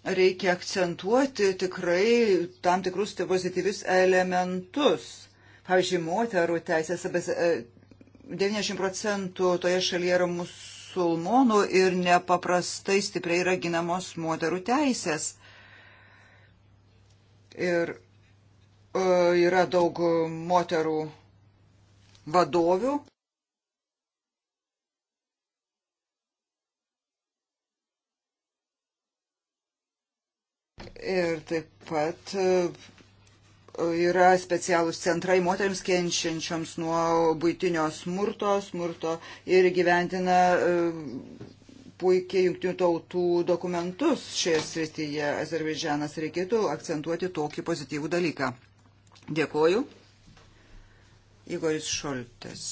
reikia akcentuoti tikrai tam tikrus tai pozityvius elementus. Pavyzdžiui, moterų teisės, 90 e, procentų toje šalyje yra musulmonų ir nepaprastai stipriai yra ginamos moterų teisės. Ir e, yra daug moterų vadovių. Ir taip pat e, yra specialūs centrai moteriams kenčiančioms nuo būtinio smurto, smurto ir gyventina e, puikiai jungtinių tautų dokumentus šioje srityje. Azerbaidžianas reikėtų akcentuoti tokį pozityvų dalyką. Dėkoju. Igoris Šoltas.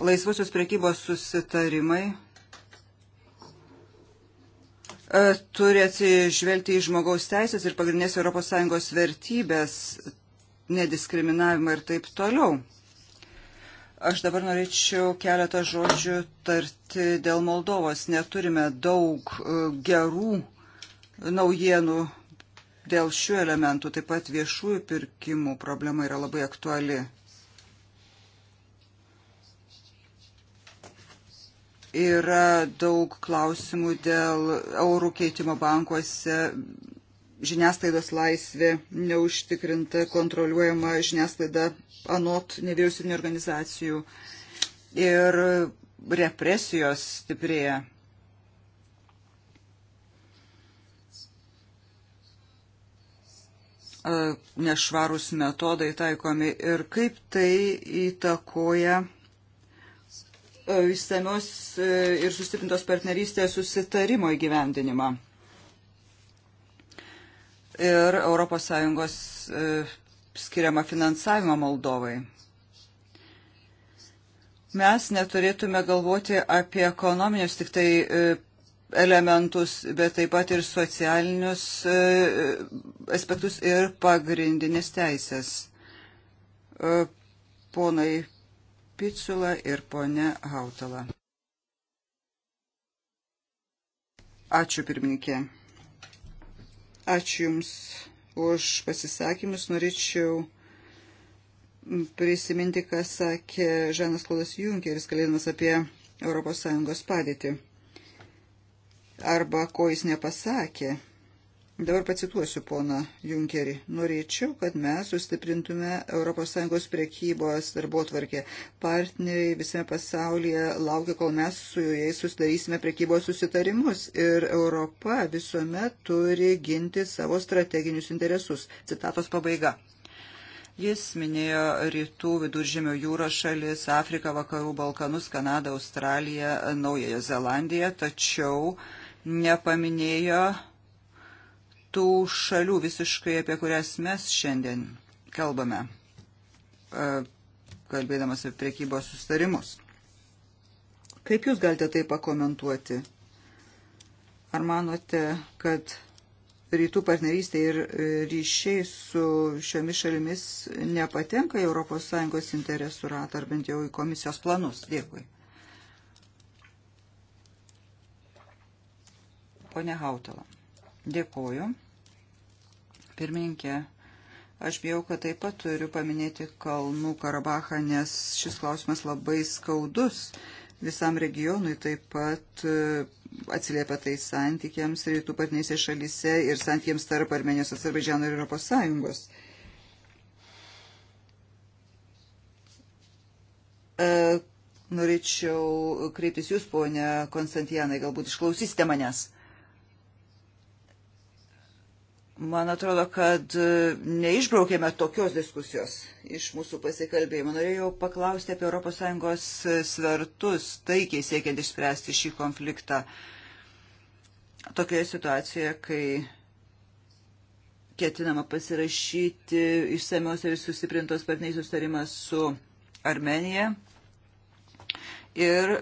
Laisvosios prekybos susitarimai e, turi atsižvelgti į žmogaus teisės ir pagrindinės ES vertybės, nediskriminavimą ir taip toliau. Aš dabar norėčiau keletą žodžių tarti dėl Moldovos. Neturime daug e, gerų naujienų dėl šių elementų. Taip pat viešųjų pirkimų problema yra labai aktuali. Yra daug klausimų dėl eurų keitimo bankuose, žiniasklaidos laisvė neužtikrinta, kontroliuojama žiniasklaida anot nevyriausybinio organizacijų ir represijos stiprėja. nešvarūs metodai taikomi ir kaip tai įtakoja įsamios e, e, ir sustiprintos partnerystės susitarimo įgyvendinimą. Ir ES e, skiriamą finansavimą Moldovai. Mes neturėtume galvoti apie ekonominius tik tai elementus, bet taip pat ir socialinius aspektus ir pagrindinės teisės. Ponai Picula ir ponė Hautala. Ačiū pirmininkė. Ačiū Jums už pasisakymus. Norėčiau prisiminti, ką sakė Žanas Klaudas Junkeris, kalėdamas apie ES padėtį. Arba ko jis nepasakė Dabar pacituosiu poną Junkerį. Norėčiau, kad mes sustiprintume ES priekybos darbo tvarkę. Partneriai visame pasaulyje laukia, kol mes su jais susidarysime priekybos susitarimus. Ir Europa visuomet turi ginti savo strateginius interesus. Citatos pabaiga. Jis minėjo rytų viduržėmio jūros šalis, Afriką, vakarų Balkanus, Kanadą, Australiją, Naująją Zelandiją, tačiau nepaminėjo tų šalių visiškai, apie kurias mes šiandien kalbame, e, kalbėdamas apie priekybos sustarimus. Kaip Jūs galite tai pakomentuoti? Ar manote, kad rytų partnerystė ir ryšiai su šiomis šalimis nepatenka į ES interesų ratą ar bent jau į komisijos planus? Dėkui. Pone Hautala, dėkoju. Pirminkė, aš bijau, kad taip pat turiu paminėti Kalnų Karabachą, nes šis klausimas labai skaudus visam regionui, taip pat e, atsiliepia tai santykiams rytų partnėse šalyse ir santykiams tarp Armenijos, Azerbaidžiano ir Europos Sąjungos. E, norėčiau kreiptis jūs, ponė Konstantijanai, galbūt išklausysite manęs. Man atrodo, kad e, neišbraukėme tokios diskusijos iš mūsų pasikalbėjimo. Norėjau paklausti apie ES e, svertus, taikiai siekiant išspręsti šį konfliktą. Tokioje situacijoje, kai ketinama pasirašyti išsamios ir sustiprintos partneriai sustarimas su Armenija ir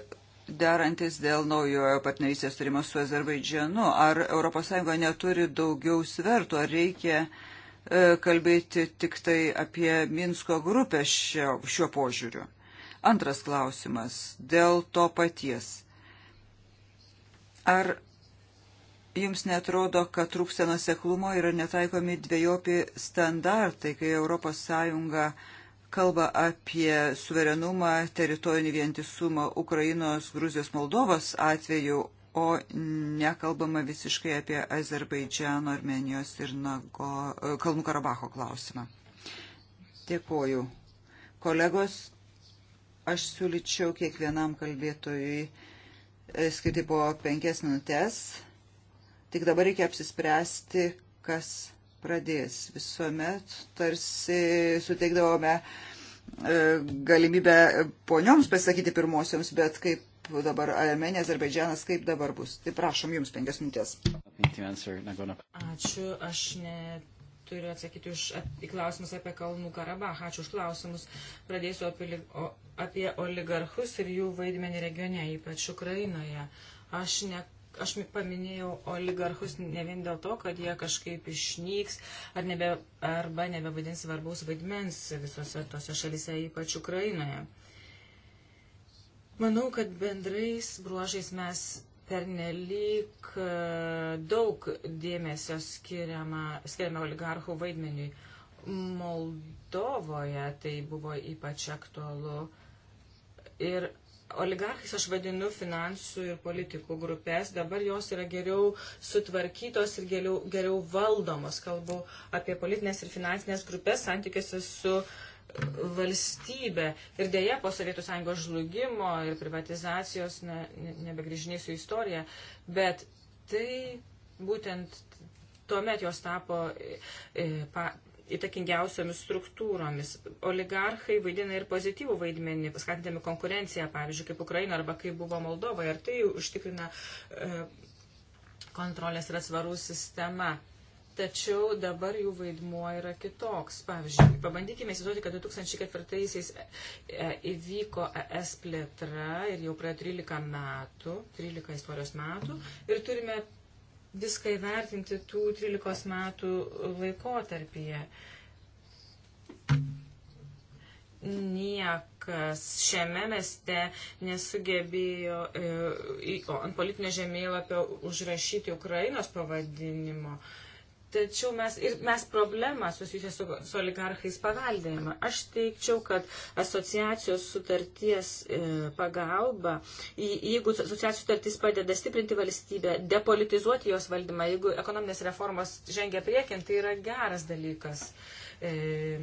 derantis dėl naujojo partnerystės turimo su Azerbaidžianu. Ar ES neturi daugiau svertų, ar reikia e, kalbėti tik tai apie Minsko grupę šio, šiuo požiūriu? Antras klausimas dėl to paties. Ar jums netrodo, kad trūksta nuseklumo ir netaikomi dviejopi standartai, kai ES kalba apie suverenumą, teritorinį vientisumą Ukrainos, Gruzijos, Moldovos atveju, o nekalbama visiškai apie Azerbaidžiano, Armenijos ir Nago, Kalnų Karabacho klausimą. Dėkoju. Kolegos, aš siūlyčiau kiekvienam kalbėtojui e, skirti po penkias minutės. Tik dabar reikia apsispręsti, kas pradės. Visuomet tarsi suteikdavome e, galimybę ponioms pasakyti pirmosioms, bet kaip dabar Armenija, Azerbaidžianas, kaip dabar bus. Tai prašom jums penkias minutės. Ačiū, aš neturiu atsakyti už, į klausimus apie Kalnų Karabachą. Ačiū už klausimus. Pradėsiu apie, apie oligarchus ir jų vaidmenį regione, ypač Ukrainoje. Aš ne, Aš paminėjau oligarchus ne vien dėl to, kad jie kažkaip išnyks ar nebe, arba nebevadins svarbaus vaidmens visose tose šalise, ypač Ukrainoje. Manau, kad bendrais bruožais mes pernelyg e, daug dėmesio skiriama, skiriame oligarchų vaidmeniui. Moldovoje tai buvo ypač aktualu ir oligarchais aš vadinu finansų ir politikų grupės, dabar jos yra geriau sutvarkytos ir geriau, geriau valdomos. Kalbu apie politinės ir finansinės grupės santykiuose su e, valstybė. Ir dėja, po Sovietų sąjungos žlugimo ir privatizacijos, ne, nebegrįžinėsiu į istoriją, bet tai būtent tuomet jos tapo e, e pa, įtakingiausiomis struktūromis. Oligarchai vaidina ir pozityvų vaidmenį, paskatindami konkurenciją, pavyzdžiui, kaip Ukraina arba kaip buvo Moldova, ir tai užtikrina e, kontrolės ir atsvarų sistema. Tačiau dabar jų vaidmuo yra kitoks. Pavyzdžiui, pabandykime įsivaizduoti, kad 2004-aisiais e, e, įvyko ES plėtra ir jau praėjo 13 metų, 13 istorijos metų ir turime viską įvertinti tų 13 metų laikotarpyje. Niekas šiame mieste nesugebėjo e, ant politinio žemėlapio užrašyti Ukrainos pavadinimo. E, Tačiau mes, ir mes problemą susijusią su, su oligarchais paveldėjimą. Aš teikčiau, kad asociacijos sutarties e, pagalba, į, jeigu asociacijos sutartis padeda stiprinti valstybę, depolitizuoti jos valdymą, jeigu ekonominės reformos žengia priekin, tai yra geras dalykas. E,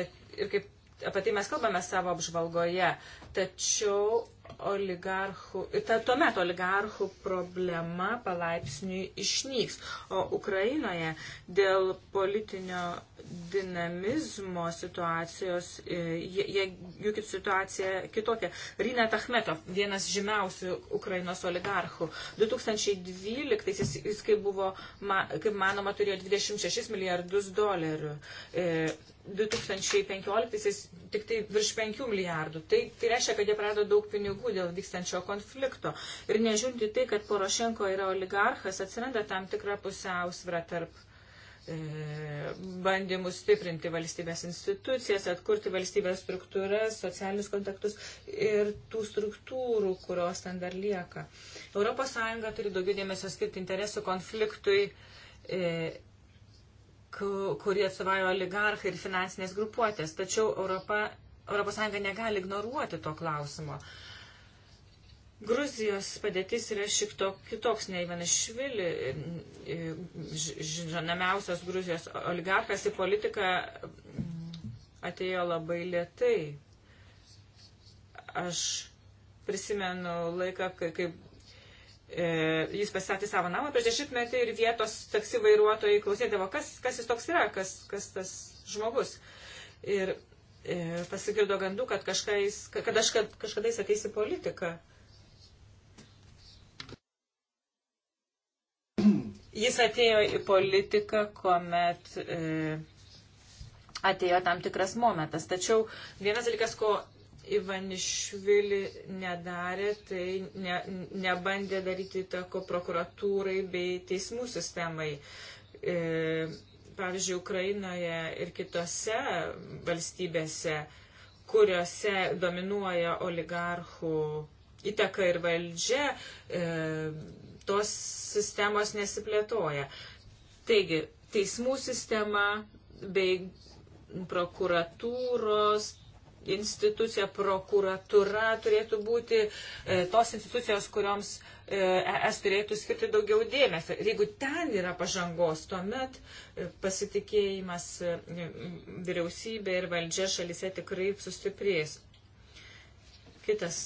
ta, ir kaip apie tai mes kalbame savo apžvalgoje. Tačiau oligarchų, ta, tuomet oligarchų problema palaipsniui išnyks. O Ukrainoje dėl politinio dinamizmo situacijos, e, jie, jie, juk situacija kitokia. Rina Tahmetov, vienas žymiausių Ukrainos oligarchų. 2012 jis, jis kaip buvo, kaip manoma, turėjo 26 milijardus dolerių. 2015 e, jis tik tai virš 5 milijardų. Tai, tai reiškia, kad jie prarado daug pinigų pinigų dėl vykstančio konflikto. Ir nežiūrinti tai, kad Porošenko yra oligarchas, atsiranda tam tikra pusiausvra tarp e, bandymų stiprinti valstybės institucijas, atkurti valstybės struktūras, socialinius kontaktus ir tų struktūrų, kurios ten dar lieka. ES turi daugiau dėmesio skirti interesų konfliktui. E, kurį atstovauja oligarchai ir finansinės grupuotės. Tačiau Europa, ES negali ignoruoti to klausimo. Gruzijos padėtis yra šiek tiek kitoks nei Vanišvili, žinomiausias Gruzijos oligarkas į politiką mm, atėjo labai lietai. Aš prisimenu laiką, kai, kai e, jis pastatė savo namą prieš dešimtmetį ir vietos taksi vairuotojai klausėdavo, kas, kas jis toks yra, kas, kas tas žmogus. Ir e, pasigirdo gandų, kad, kažkais, kad aš kad, kažkada jis ateis į politiką. E, Jis atėjo į politiką, kuomet e, atėjo tam tikras momentas. Tačiau vienas dalykas, ko Ivanišvili nedarė, tai ne, nebandė daryti įtako prokuratūrai bei teismų sistemai. E, pavyzdžiui, Ukrainoje ir kitose valstybėse, kuriuose dominuoja oligarchų įtaka ir valdžia, e, tos sistemos nesiplėtoja. Taigi, teismų sistema bei prokuratūros institucija, prokuratura turėtų būti e, tos institucijos, kurioms e, ES turėtų skirti daugiau dėmesio. Ir jeigu ten yra pažangos, tuomet e, pasitikėjimas e, vyriausybė ir valdžia šalise tikrai sustiprės. Kitas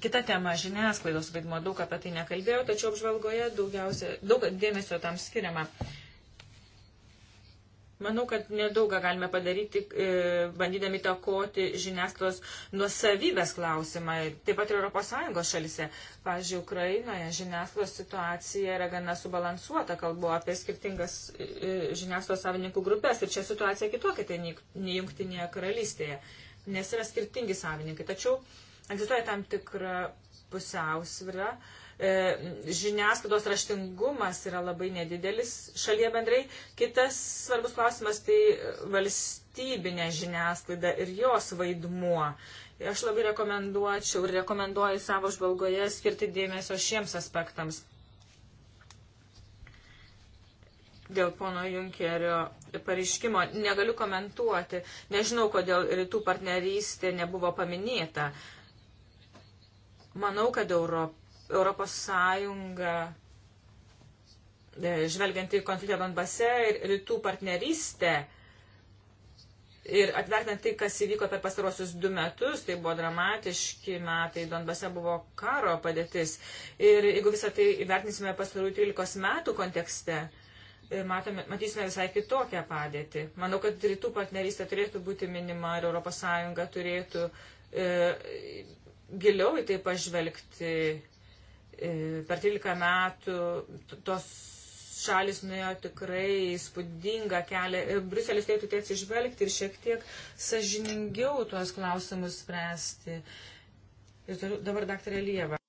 Kita tema - žiniasklaidos vaidmo. Daug apie tai nekalbėjau, tačiau apžvalgoje daugiausia, daug dėmesio tam skiriama. Manau, kad nedaugą galime padaryti, e, bandydami takoti žiniasklaidos nuosavybės klausimą, taip pat ir ES šalise. Pavyzdžiui, Ukrainoje žiniasklaidos situacija yra gana subalansuota, kalbu apie skirtingas e, e, žiniasklaidos savininkų grupės ir čia situacija kitokia, tai nei Jungtinėje karalystėje, nes yra skirtingi savininkai. Tačiau egzistuoja tam tikra pusiausvyra. E, žiniasklaidos raštingumas yra labai nedidelis šalyje bendrai. Kitas svarbus klausimas tai valstybinė žiniasklaida ir jos vaidmuo. Aš labai rekomenduočiau ir rekomenduoju savo žvalgoje skirti dėmesio šiems aspektams. dėl pono Junkerio pareiškimo negaliu komentuoti. Nežinau, kodėl rytų partnerystė nebuvo paminėta. Manau, kad Euro, Europos Sąjunga, e, žvelgiant į konfliktą Donbase ir rytų partnerystę, Ir atvertinant tai, kas įvyko per pastarosius du metus, tai buvo dramatiški metai, Donbase buvo karo padėtis. Ir jeigu visą tai įvertinsime pastarųjų 13 metų kontekste, e, matome, matysime visai kitokią padėtį. Manau, kad rytų partnerystė turėtų būti minima ir ES turėtų e, giliau į tai pažvelgti. E, per 13 metų tos šalis nuėjo tikrai įspūdingą kelią. E, Bruselis turėtų tai atsižvelgti ir šiek tiek sažiningiau tuos klausimus spręsti. Ir dabar daktarė Lieva.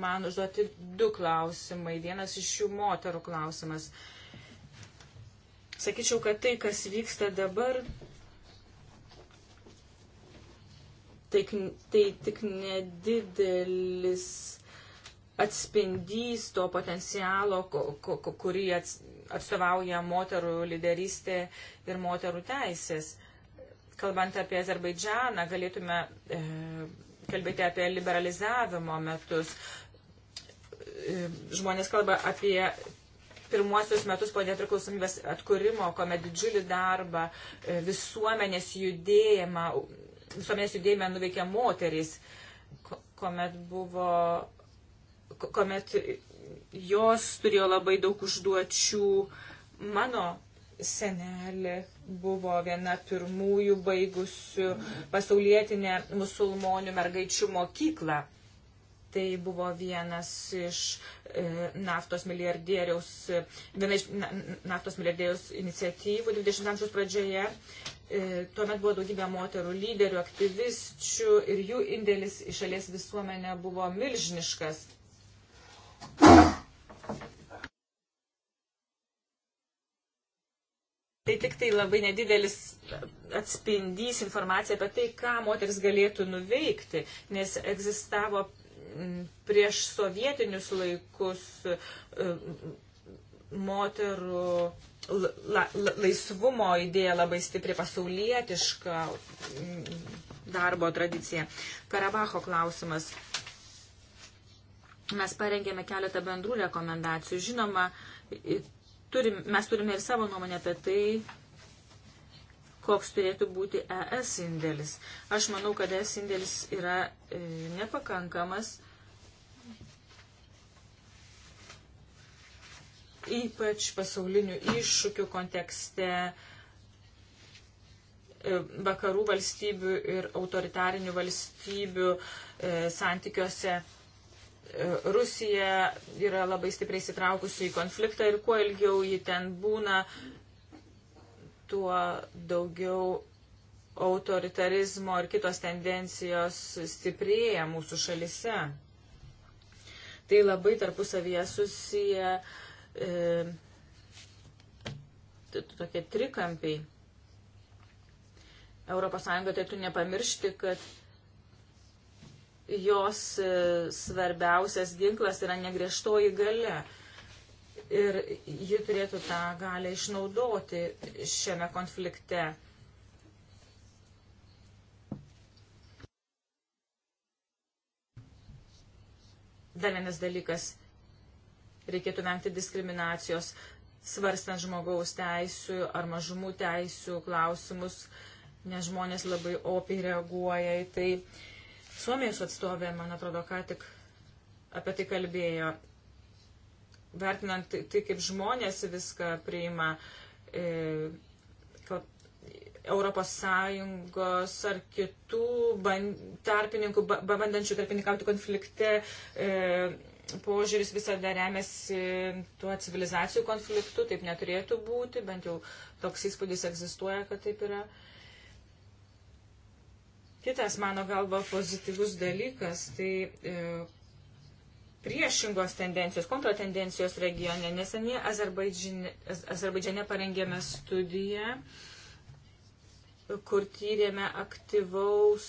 Man užduoti du klausimai. Vienas iš jų moterų klausimas. Uh, Sakyčiau, kad tai, kas vyksta dabar, tai, tai tik nedidelis atspindys to potencialo, kurį atstovauja moterų lyderystė ir moterų teisės. Kalbant apie Azerbaidžaną, galėtume e, kalbėti apie liberalizavimo metus. E, žmonės kalba apie pirmuosius metus po nepriklausomybės atkūrimo, kuomet didžiulį darbą e, visuomenės judėjimą, visuomenės judėjimą nuveikė moterys, kuomet buvo, kuomet jos turėjo labai daug užduočių. Mano senelė buvo viena pirmųjų baigusių pasaulietinę musulmonių mergaičių mokyklą. Tai buvo vienas iš e, naftos milijardieriaus, e, viena iš naftos milijardieriaus iniciatyvų 20 amžiaus pradžioje. E, tuomet buvo daugybė moterų lyderių, aktyvisčių ir jų indėlis į šalies visuomenę buvo milžiniškas. Tai tik tai labai nedidelis atspindys informacija apie tai, ką moteris galėtų nuveikti, nes egzistavo prieš sovietinius laikus e, moterų la, la, laisvumo idėja labai stipri pasaulietiška mm, darbo tradicija. Karabacho klausimas. Mes parengėme keletą bendrų rekomendacijų. Žinoma, turim, mes turime ir savo nuomonę apie tai, koks turėtų būti ES indėlis. Aš manau, kad ES indėlis yra e, nepakankamas. Ypač pasaulinių iššūkių kontekste e, vakarų valstybių ir autoritarinių valstybių e, santykiuose e, Rusija yra labai stipriai sitraukusi į konfliktą ir kuo ilgiau ji ten būna, tuo daugiau autoritarizmo ir kitos tendencijos stiprėja mūsų šalise. Tai labai tarpusavyje susiję e, tokie trikampiai. ES tai turėtų nepamiršti, kad jos e, svarbiausias ginklas yra negriežtoji gale ir ji turėtų tą galę išnaudoti šiame konflikte. Dar vienas dalykas - reikėtų vengti diskriminacijos, svarstant žmogaus teisų ar mažumų teisų klausimus, nes žmonės labai opiai reaguoja į tai. Suomijos atstovė, man atrodo, ką tik apie tai kalbėjo vertinant tai, tai, kaip žmonės viską priima, e, Europos Sąjungos ar kitų ban, tarpininkų, bandančių tarpininkauti konflikte, e, požiūris visada remiasi tuo civilizacijų konfliktu, taip neturėtų būti, bent jau toks įspūdis egzistuoja, kad taip yra. Kitas, mano galva, pozityvus dalykas, tai e, priešingos tendencijos, kontratendencijos regione. Neseniai Azerbaidžiane, Azerbaidžiane parengėme studiją, kur tyrėme aktyvaus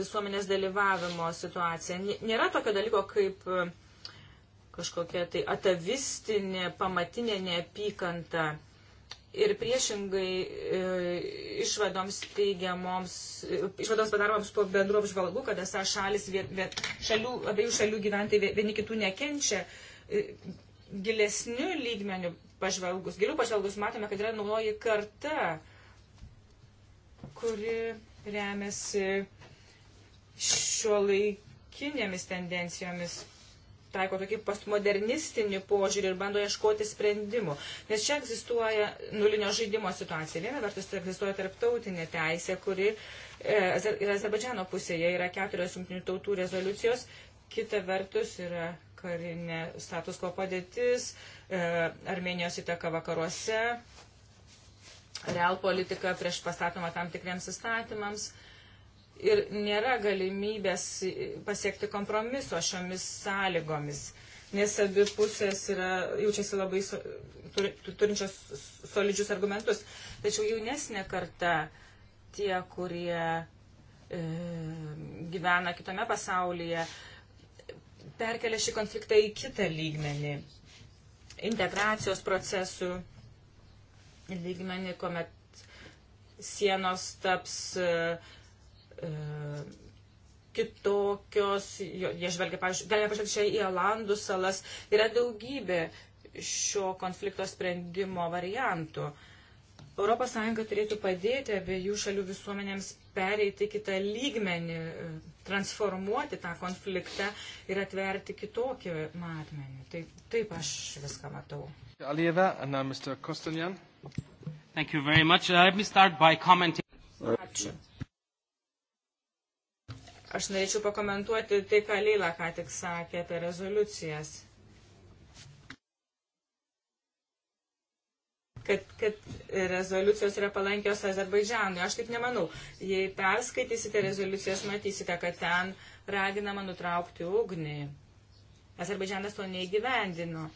visuomenės dalyvavimo situaciją. Nėra tokio dalyko kaip e, kažkokia tai atavistinė, pamatinė neapykanta ir priešingai e, išvadoms teigiamoms, e, išvadoms padaromoms po bendru apžvalgu, kad esą šalis, viet, šalių, abiejų šalių gyventojai vieni kitų nekenčia, e, gilesnių lygmenių pažvelgus, giliau pažvelgus matome, kad yra naujoji karta, kuri remiasi šio laikinėmis tendencijomis taiko tokį postmodernistinį požiūrį ir bando ieškoti sprendimų. Nes čia egzistuoja nulinio žaidimo situacija. Viena vertus tai egzistuoja tarptautinė teisė, kuri yra e, Azerbaidžiano pusėje, yra keturios jungtinių tautų rezoliucijos, kita vertus yra karinė status quo padėtis, e, Armenijos įtaka vakaruose, real politika prieš pastatoma tam tikriems įstatymams ir nėra galimybės pasiekti kompromiso šiomis sąlygomis, nes abi pusės yra, jaučiasi labai so, tur, turinčios solidžius argumentus. Tačiau jaunesnė karta, tie, kurie e, gyvena kitame pasaulyje, perkelia šį konfliktą į kitą lygmenį integracijos procesų lygmenį, kuomet sienos taps e, E, kitokios, jie žvelgia, pavyzdžiui, galime pažvelgti čia į Alandų salas, yra daugybė šio konflikto sprendimo variantų. ES turėtų padėti abiejų šalių visuomenėms pereiti kitą lygmenį, e, transformuoti tą konfliktą ir atverti kitokį matmenį. Taip, taip aš viską matau. Alieva, and now Mr. Kostanyan. Thank you very much. Uh, let me start by commenting. Ačiū. Aš norėčiau pakomentuoti tai, ką Leila ką tik sakė apie rezoliucijas. Kad, kad rezoliucijos yra palankios Azerbaidžianui. Aš taip nemanau. Jei perskaitysite rezoliucijas, matysite, kad ten raginama nutraukti ugnį. Azerbaidžianas to neįgyvendino.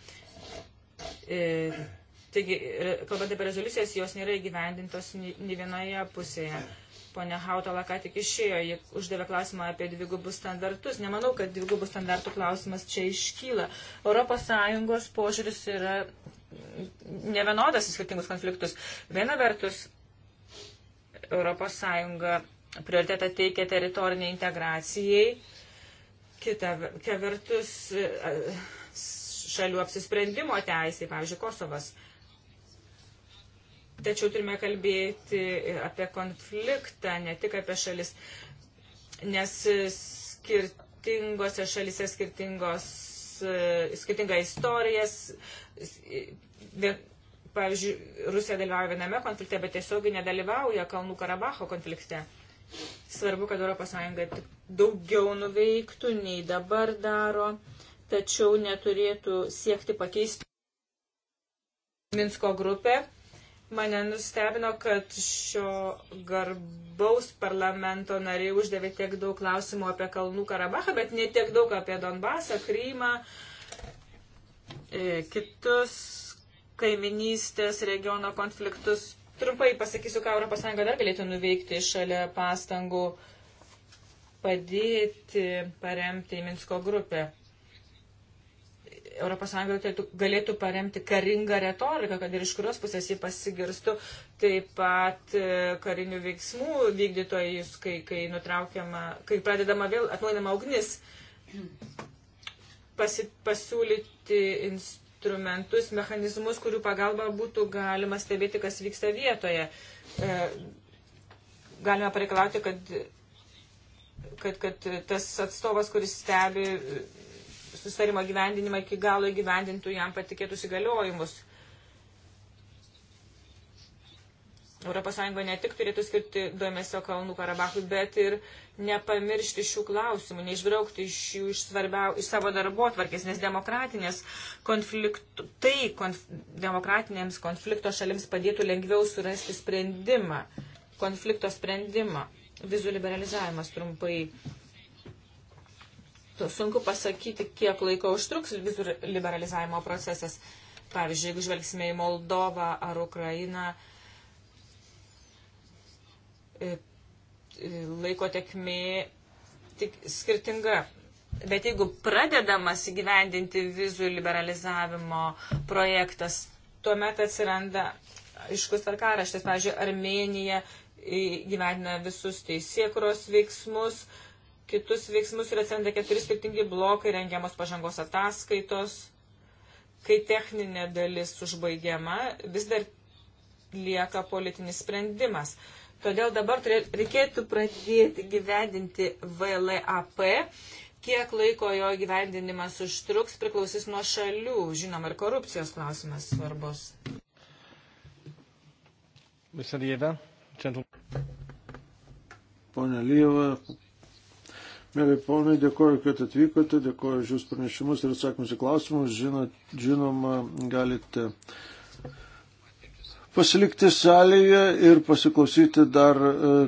E, taigi, e, kalbant apie rezoliucijas, jos nėra įgyvendintos nei vienoje pusėje ponia Hautala ką tik išėjo, ji uždavė klausimą apie dvigubus standartus. Nemanau, kad dvigubų standartų klausimas čia iškyla. ES požiūris yra nevienodas į skirtingus konfliktus. Viena vertus, ES prioritetą teikia teritoriniai integracijai, kita, kita vertus e, e, šalių apsisprendimo teisai, pavyzdžiui, Kosovas. Tačiau turime kalbėti apie konfliktą, ne tik apie šalis, nes skirtingose šalise skirtingos, skirtinga istorijas. Pavyzdžiui, Rusija dalyvauja viename konflikte, bet tiesiogiai nedalyvauja Kalnų Karabacho konflikte. Svarbu, kad ES daugiau nuveiktų, nei dabar daro, tačiau neturėtų siekti pakeisti Minsko grupę Mane nustebino, kad šio garbaus parlamento nariai uždavė tiek daug klausimų apie Kalnų Karabachą, bet ne tiek daug apie Donbasą, Krymą, e, kitus kaiminystės regiono konfliktus. Trumpai pasakysiu, ką ES dar galėtų nuveikti šalia pastangų padėti paremti Minsko grupę. ES galėtų, galėtų paremti karingą retoriką, kad ir iš kurios pusės jį pasigirstų, taip pat e, karinių veiksmų vykdytojus, kai, kai nutraukiama, kai pradedama vėl atnaujinama ugnis, pasi, pasiūlyti instrumentus, mechanizmus, kurių pagalba būtų galima stebėti, kas vyksta vietoje. E, galima pareikalauti, kad kad, kad tas atstovas, kuris stebi susitarimo gyvendinimą iki galo įgyvendintų jam patikėtus įgaliojimus. ES ne tik turėtų skirti dėmesio Kalnų Karabachui, bet ir nepamiršti šių klausimų, neišbraukti iš jų iš, svarbiau, iš savo darbo atvarkės, nes demokratinės konfliktų, tai konf, demokratinėms konflikto šalims padėtų lengviau surasti sprendimą, konflikto sprendimą. Vizų liberalizavimas trumpai sunku pasakyti, kiek laiko užtruks vizų liberalizavimo procesas. Pavyzdžiui, jeigu žvelgsime į Moldovą ar Ukrainą, e, e, laiko tekmė tik skirtinga. Bet jeigu pradedamas įgyvendinti vizų liberalizavimo projektas, tuomet atsiranda aiškus tvarkaraštis. Pavyzdžiui, Armenija gyvena visus teisėkuros veiksmus, uh, kitus veiksmus ir atsiranda keturi skirtingi blokai, rengiamos pažangos ataskaitos. Kai techninė dalis užbaigiama, vis dar lieka politinis sprendimas. Todėl dabar reikėtų pradėti gyvendinti VLAP. Kiek laiko jo gyvendinimas užtruks, priklausys nuo šalių. Žinoma, ir korupcijos klausimas svarbus. Mr. Dieva, Pone Lyva, Mėly ponai, dėkoju, kad atvykote, dėkoju už jūsų pranešimus ir atsakymus į klausimus. Žinot, žinoma, galite pasilikti salėje ir pasiklausyti dar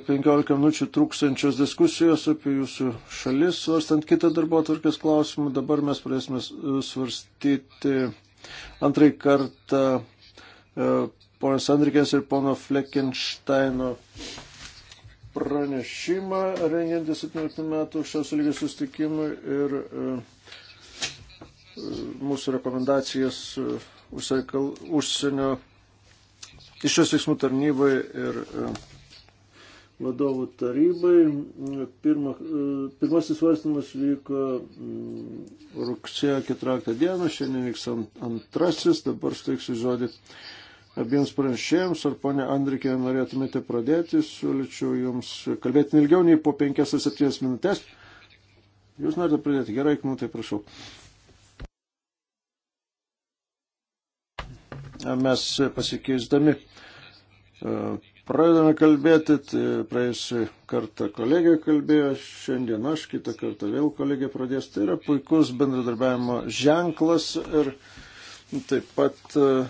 15 e, minučių trūksančios diskusijos apie jūsų šalis, svarstant kitą darbo atvarkės klausimą. Dabar mes pradėsime e, svarstyti antrai kartą e, ponas Andrikės ir pono Fleckensteino pranešimą rengiantį 17 metų šios lygės sustikimui ir e, e, mūsų rekomendacijas e, užsienio išės veiksmų tarnybai ir vadovų tarybai. Pirma, pirmasis svarstymas vyko mm, rugsėjo 14 dieną, šiandien vyks antrasis, dabar steiksiu žodį abiems pranešėjams. Ar ponia Andrikė norėtumėte pradėti, siūlyčiau jums kalbėti ilgiau nei po 5 ar 7 minutės. Jūs norite pradėti, gerai, knutai, prašau. Mes pasikeisdami e, pradedame kalbėti, tai praėjusį kartą kolegė kalbėjo, šiandien aš, kitą kartą vėl kolegė pradės. Tai yra puikus bendradarbiavimo ženklas ir taip pat uh,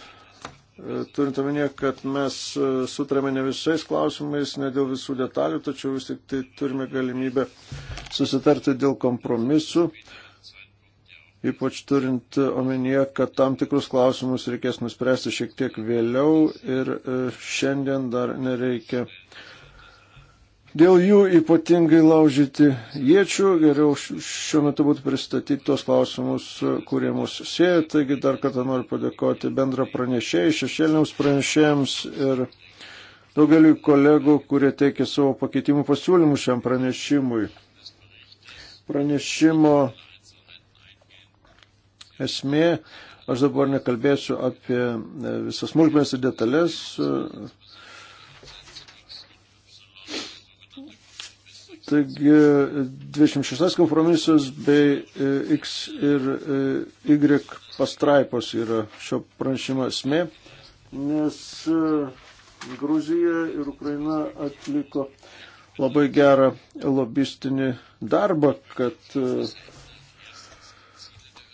E, turint omenyje, kad mes e, sutarėme ne visais klausimais, ne dėl visų detalių, tačiau vis tik tai turime galimybę susitarti dėl kompromisų, ypač turint omenyje, kad tam tikrus klausimus reikės nuspręsti šiek tiek vėliau ir e, šiandien dar nereikia uh, dėl jų ypatingai laužyti iečių, geriau šiuo metu būtų pristatyti tos klausimus, kurie mūsų sieja. Taigi dar kartą noriu padėkoti bendra pranešėjai, šešėliniams pranešėjams ir daugeliu kolegų, kurie teikia savo pakeitimų pasiūlymų šiam pranešimui. Pranešimo esmė, aš dabar nekalbėsiu apie visas smulkmės ir detalės, Taigi 26 kompromisas bei e, X ir e, Y pastraipos yra šio pranešimo esmė, nes e, Gruzija ir Ukraina atliko labai gerą lobistinį darbą, kad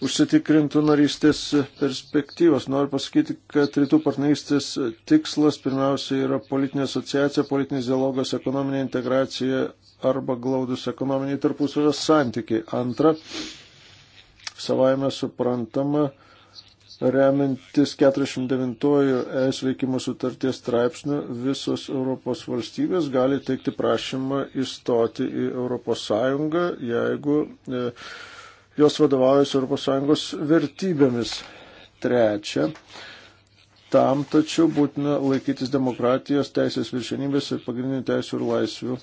užsitikrintų narystės perspektyvos. Noriu pasakyti, kad rytų partnerystės tikslas pirmiausia yra politinė asociacija, politinis dialogas, ekonominė integracija, arba glaudus ekonominiai tarpusavio santykiai. Antra, savaime suprantama, remintis 49 ES veikimo sutarties straipsnių, visos Europos valstybės gali teikti prašymą įstoti į Europos Sąjungą, jeigu e, jos vadovaujasi Europos Sąjungos vertybėmis. Trečia, tam tačiau būtina laikytis demokratijos, teisės viršenybės ir pagrindinių teisų ir laisvių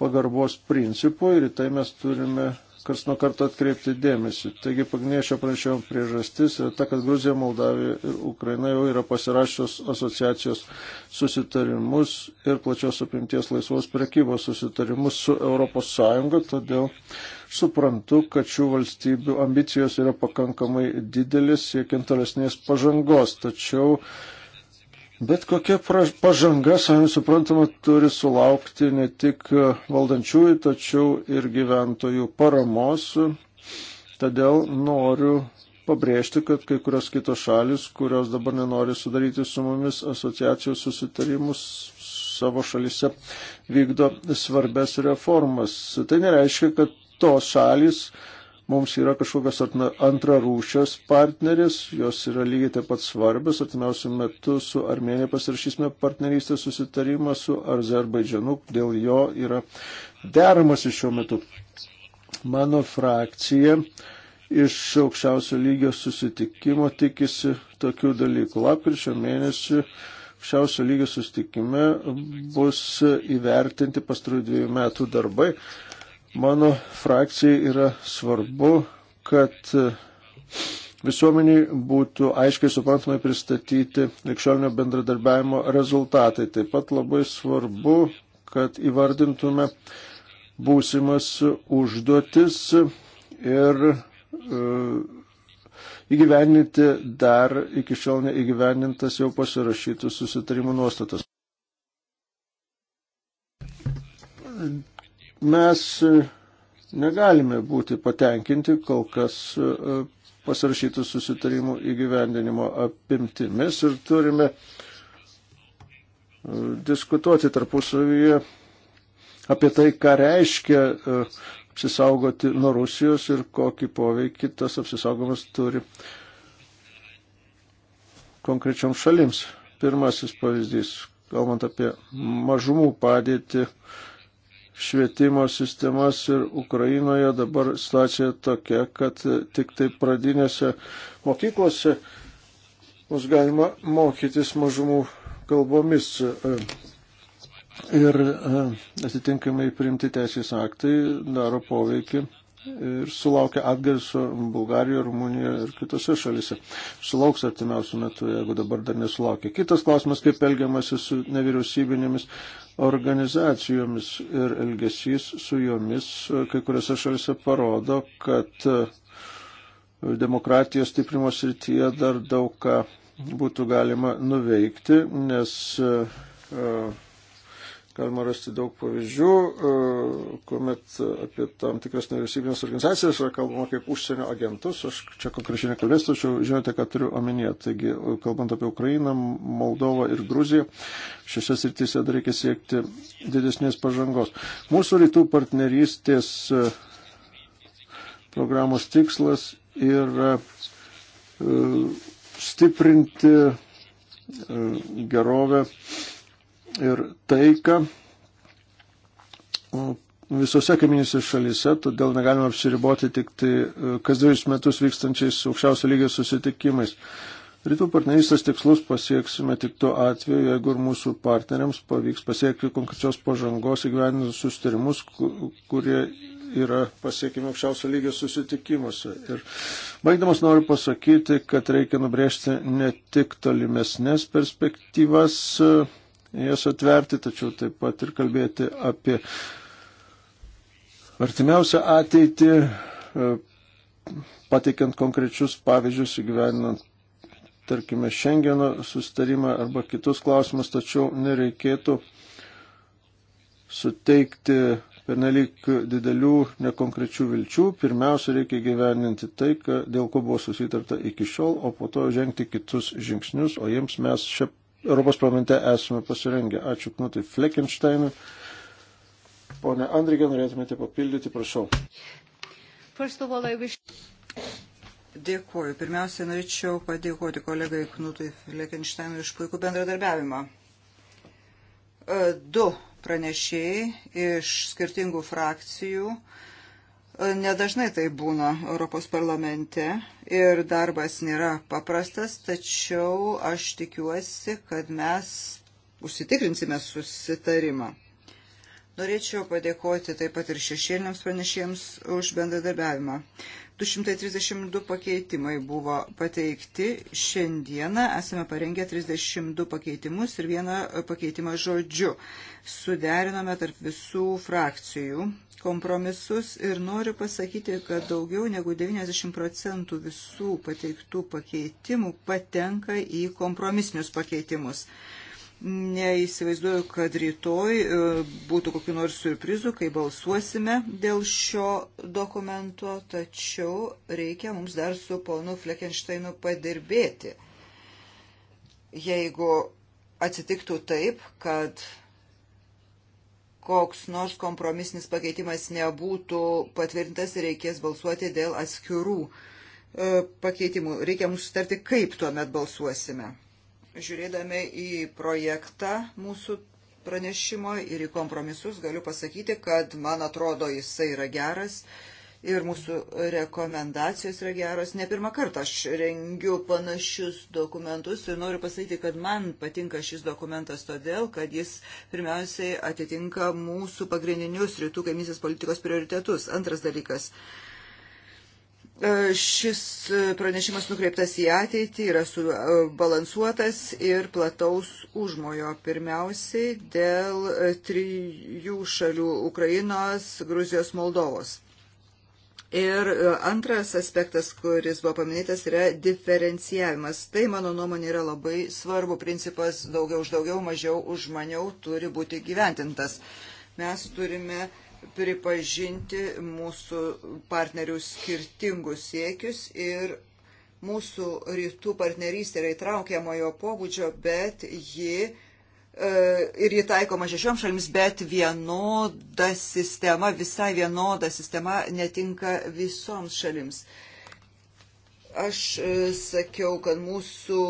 pagarbos principų ir į tai mes turime kas nuo karto atkreipti dėmesį. Taigi pagrindinė šio pranešimo priežastis yra ta, kad Gruzija, Moldavija ir Ukraina jau yra pasirašęs asociacijos susitarimus ir plačios apimties laisvos prekybos susitarimus su ES, todėl suprantu, kad šių valstybių ambicijos yra pakankamai didelis, siekiant tolesnės pažangos, tačiau Bet kokia pažanga, savai suprantama, turi sulaukti ne tik e, valdančiųjų, tačiau ir gyventojų paramos. Todėl noriu pabrėžti, kad kai kurios kitos šalis, kurios dabar nenori sudaryti su mumis asociacijos susitarimus, savo šalise vykdo svarbes reformas. Tai nereiškia, kad tos šalis, uh, mums yra kažkokios antrarūšės partneris, jos yra lygiai taip pat svarbios. Artimiausiu metu su Armenija pasirašysime partnerystės susitarimą su Azerbaidžianu, dėl jo yra deramasi šiuo metu. Mano frakcija iš aukščiausio lygio susitikimo tikisi tokių dalykų. Lapkričio mėnesį aukščiausio lygio susitikime bus įvertinti pastarųjų dviejų metų darbai Mano frakcijai yra svarbu, kad visuomeniai būtų aiškiai suprantamai pristatyti likščionio bendradarbiavimo rezultatai. Taip pat labai svarbu, kad įvardintume būsimas užduotis ir e, įgyveninti dar iki šiol neįgyvenintas jau pasirašytus susitarimų nuostatas. Mes e, negalime būti patenkinti kol kas e, pasirašytų susitarimų įgyvendinimo apimtimis ir turime e, diskutuoti tarpusavyje apie tai, ką reiškia apsisaugoti nuo Rusijos ir kokį poveikį tas apsisaugomas turi konkrečiom šalims. Pirmasis pavyzdys, kalbant apie mažumų padėtį švietimo sistemas ir Ukrainoje dabar situacija tokia, kad tik tai pradinėse mokyklose bus galima mokytis mažumų kalbomis. Ir e, atitinkamai primti teisės aktai daro poveikį ir sulaukia atgarsio Bulgarijoje, Rumunijoje ir kitose šalise. Sulauks artimiausių metų, jeigu dabar dar nesulaukia. Kitas klausimas, kaip elgiamasi su nevyriausybinėmis organizacijomis ir elgesys su jomis kai kuriuose šalise parodo, kad e, demokratijos stiprimo srityje dar daug ką būtų galima nuveikti, nes uh, Galima rasti daug pavyzdžių, e, kuomet apie tam tikras nevyriausybinės organizacijas yra kalbama kaip užsienio agentus. Aš čia konkrečiai nekalbėsiu, tačiau žinote, ką turiu omenyje. Taigi, kalbant apie Ukrainą, Moldovą ir Gruziją, šiose srityse dar reikia siekti didesnės pažangos. Mūsų rytų partnerystės e, programos tikslas yra e, stiprinti gerovę ir taiką visose kaiminėse šalyse, todėl negalime apsiriboti tik tai e, kas dviejus metus vykstančiais aukščiausio lygio susitikimais. Rytų partnerystės tikslus pasieksime tik tuo atveju, jeigu ir mūsų partneriams pavyks pasiekti konkrečios pažangos įgyvendinus sustarimus, kurie yra pasiekimi aukščiausio lygio susitikimuose. Ir baigdamas noriu pasakyti, kad reikia nubrėžti ne tik tolimesnės perspektyvas jas atverti, tačiau taip pat ir kalbėti apie artimiausią ateitį, e, pateikiant konkrečius pavyzdžius, įgyveninant, tarkime, Šengeno sustarimą arba kitus klausimus, tačiau nereikėtų suteikti pernelyg didelių nekonkrečių vilčių. Pirmiausia, reikia gyveninti tai, dėl ko buvo susitarta iki šiol, o po to žengti kitus žingsnius, o jiems mes šią Europos parlamente esame pasirengę. Ačiū Knutui Fleckensteinui. Pone Andrigė, norėtumėte papildyti, prašau. Dėkuoju. Pirmiausia, norėčiau padėkoti kolegai Knutui Fleckensteinui už puikų bendradarbiavimą. E, du pranešėjai iš skirtingų frakcijų uh, Nedažnai tai būna Europos parlamente ir darbas nėra paprastas, tačiau aš tikiuosi, kad mes užsitikrinsime susitarimą. Norėčiau padėkoti taip pat ir šešėliniams pranešėjams už bendradarbiavimą. 232 pakeitimai buvo pateikti. Šiandieną esame parengę 32 pakeitimus ir vieną pakeitimą žodžiu. Suderinome tarp visų frakcijų kompromisus ir noriu pasakyti, kad daugiau negu 90 procentų visų pateiktų pakeitimų patenka į kompromisinius pakeitimus. Neįsivaizduoju, kad rytoj e, būtų kokiu nors surprizu, kai balsuosime dėl šio dokumento, tačiau reikia mums dar su ponu Fleckensteinu padirbėti. Jeigu atsitiktų taip, kad koks nors kompromisinis pakeitimas nebūtų patvirtintas ir reikės balsuoti dėl atskirų e, pakeitimų. Reikia mums sutarti, kaip tuomet balsuosime žiūrėdami į projektą mūsų pranešimo ir į kompromisus galiu pasakyti, kad man atrodo jisai yra geras ir mūsų rekomendacijos yra geros. Ne pirmą kartą aš rengiu panašius dokumentus ir noriu pasakyti, kad man patinka šis dokumentas todėl, kad jis pirmiausiai atitinka mūsų pagrindinius rytų kaimynės politikos prioritetus. Antras dalykas. Uh, E, šis e, pranešimas nukreiptas į ateitį, yra subalansuotas e, ir plataus užmojo. Pirmiausiai dėl trijų šalių - Ukrainos, Gruzijos, Moldovos. Ir antras aspektas, kuris buvo paminėtas, yra diferencijavimas. Tai, mano nuomonė, yra labai svarbu. Principas daugiau už daugiau, mažiau už maniau turi būti gyventintas. Mes turime uh, pripažinti mūsų partnerių skirtingus siekius ir mūsų rytų partnerystė yra įtraukiamojo pobūdžio, bet ji e, ir ji taikoma šešiom šalims, bet vienoda sistema, visai vienoda sistema netinka visoms šalims. Aš e, sakiau, kad mūsų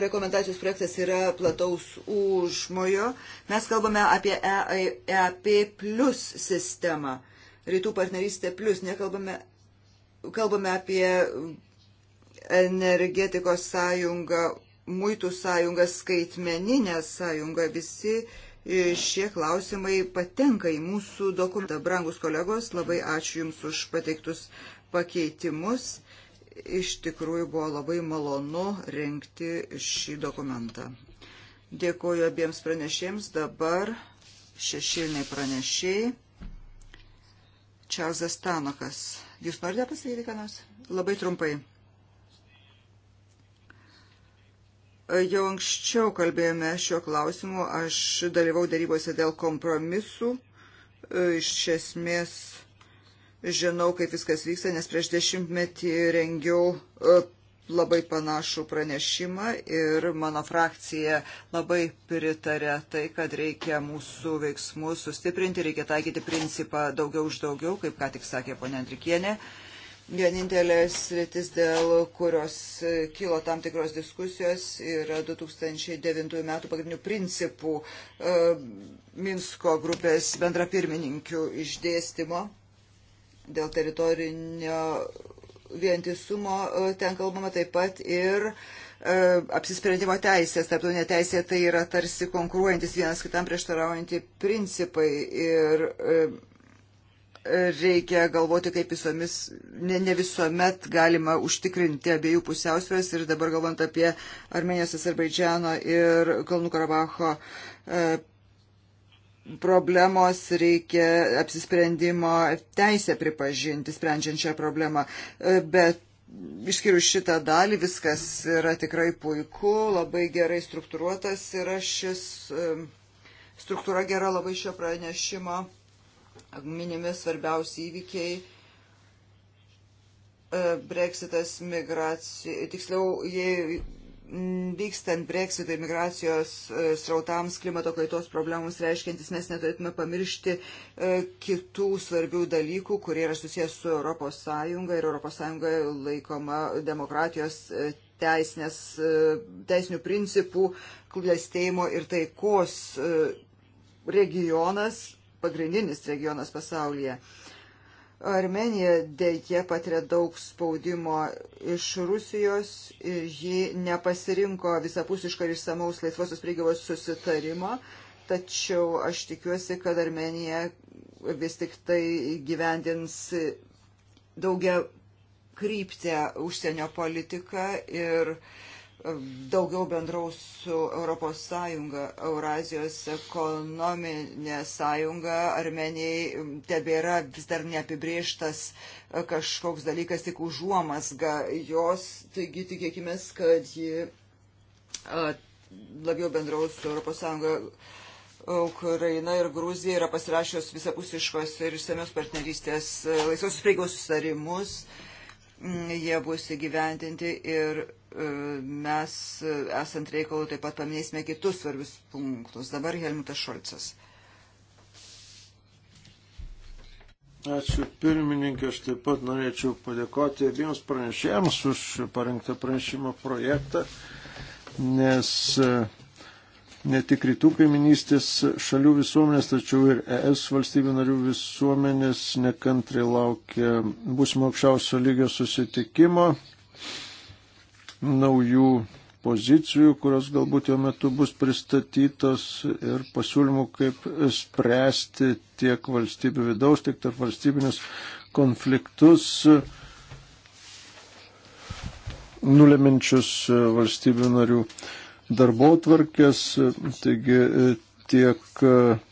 rekomendacijos projektas yra plataus užmojo. Mes kalbame apie EAP plus sistemą, rytų partnerystė plus, nekalbame kalbame apie energetikos sąjungą, muitų sąjungą, skaitmeninę sąjungą, visi šie klausimai patenka į mūsų dokumentą. Brangus kolegos, labai ačiū Jums už pateiktus pakeitimus. Iš tikrųjų buvo labai malonu renkti šį dokumentą. Dėkuoju abiems pranešėjams. Dabar šešiliniai pranešėjai. Čarlzas Tanokas. Jūs norite pasakyti, ką nors? Labai trumpai. Jau anksčiau kalbėjome šiuo klausimu, aš dalyvau darybose dėl kompromisų, iš esmės žinau, kaip viskas vyksta, nes prieš dešimtmetį rengiau e, labai panašų pranešimą ir mano frakcija labai pritarė tai, kad reikia mūsų veiksmus sustiprinti, reikia taikyti principą daugiau už daugiau, kaip ką tik sakė ponė Andrikienė. Vienintelės rytis, dėl kurios kilo tam tikros diskusijos, yra 2009 metų pagrindinių principų e, Minsko grupės bendrapirmininkių išdėstymo dėl teritorinio vientisumo e, ten kalbama taip pat ir e, apsisprendimo teisės. Tarptautinė teisė tai yra tarsi konkuruojantis vienas kitam prieštaraujantį principai ir e, reikia galvoti, kaip visomis, ne, ne visuomet galima užtikrinti abiejų pusiausvės ir dabar galvant apie Armenijos, Azerbaidžiano ir Kalnų Karabacho e, problemos reikia apsisprendimo teisę pripažinti, sprendžiant šią problemą. E, bet išskyrus šitą dalį, viskas yra tikrai puiku, labai gerai struktūruotas yra šis, e, struktūra gera labai šio pranešimo, minimi svarbiausi įvykiai. E, Brexitas, migracija, tiksliau, jie vykstant breksito imigracijos e, srautams klimato kaitos problemams reiškiantis, mes neturėtume pamiršti e, kitų svarbių dalykų, kurie yra susijęs su ES ir ES laikoma demokratijos e, teisinės, teisinių principų, klėstėjimo ir taikos regionas, pagrindinis regionas pasaulyje. Armenija dėje patiria daug spaudimo iš Rusijos ir ji nepasirinko visapusiško ir išsamaus laisvosios priegyvos susitarimo, tačiau aš tikiuosi, kad Armenija vis tik tai gyvendins daugia kryptę užsienio politiką ir uh, daugiau bendraus su Europos Sąjunga, Eurazijos ekonominė sąjunga, Armenijai tebėra vis dar neapibrieštas e, kažkoks dalykas, tik užuomasga jos, taigi tikėkime, kad ji e, labiau bendraus su Europos Sąjunga. Ukraina ir Gruzija yra pasirašios visapusiškos ir išsamios partnerystės e, laisvos prieigos susitarimus. Mm, jie bus įgyvendinti ir E, mes, e, esant reikalų, taip pat paminėsime kitus svarbius punktus. Dabar Helmutas Šolcas. Ačiū pirmininkė, aš taip pat norėčiau padėkoti abiems pranešėjams už parengtą pranešimo projektą, nes e, ne tik rytų kaiminystės šalių visuomenės, tačiau ir ES valstybių narių visuomenės nekantrai laukia būsimo aukščiausio lygio susitikimo naujų pozicijų, kurios galbūt jo metu bus pristatytos ir pasiūlymų, kaip spręsti tiek valstybių vidaus, tiek tarp valstybinius konfliktus nuleminčius valstybių narių darbo tvarkės. Taigi tiek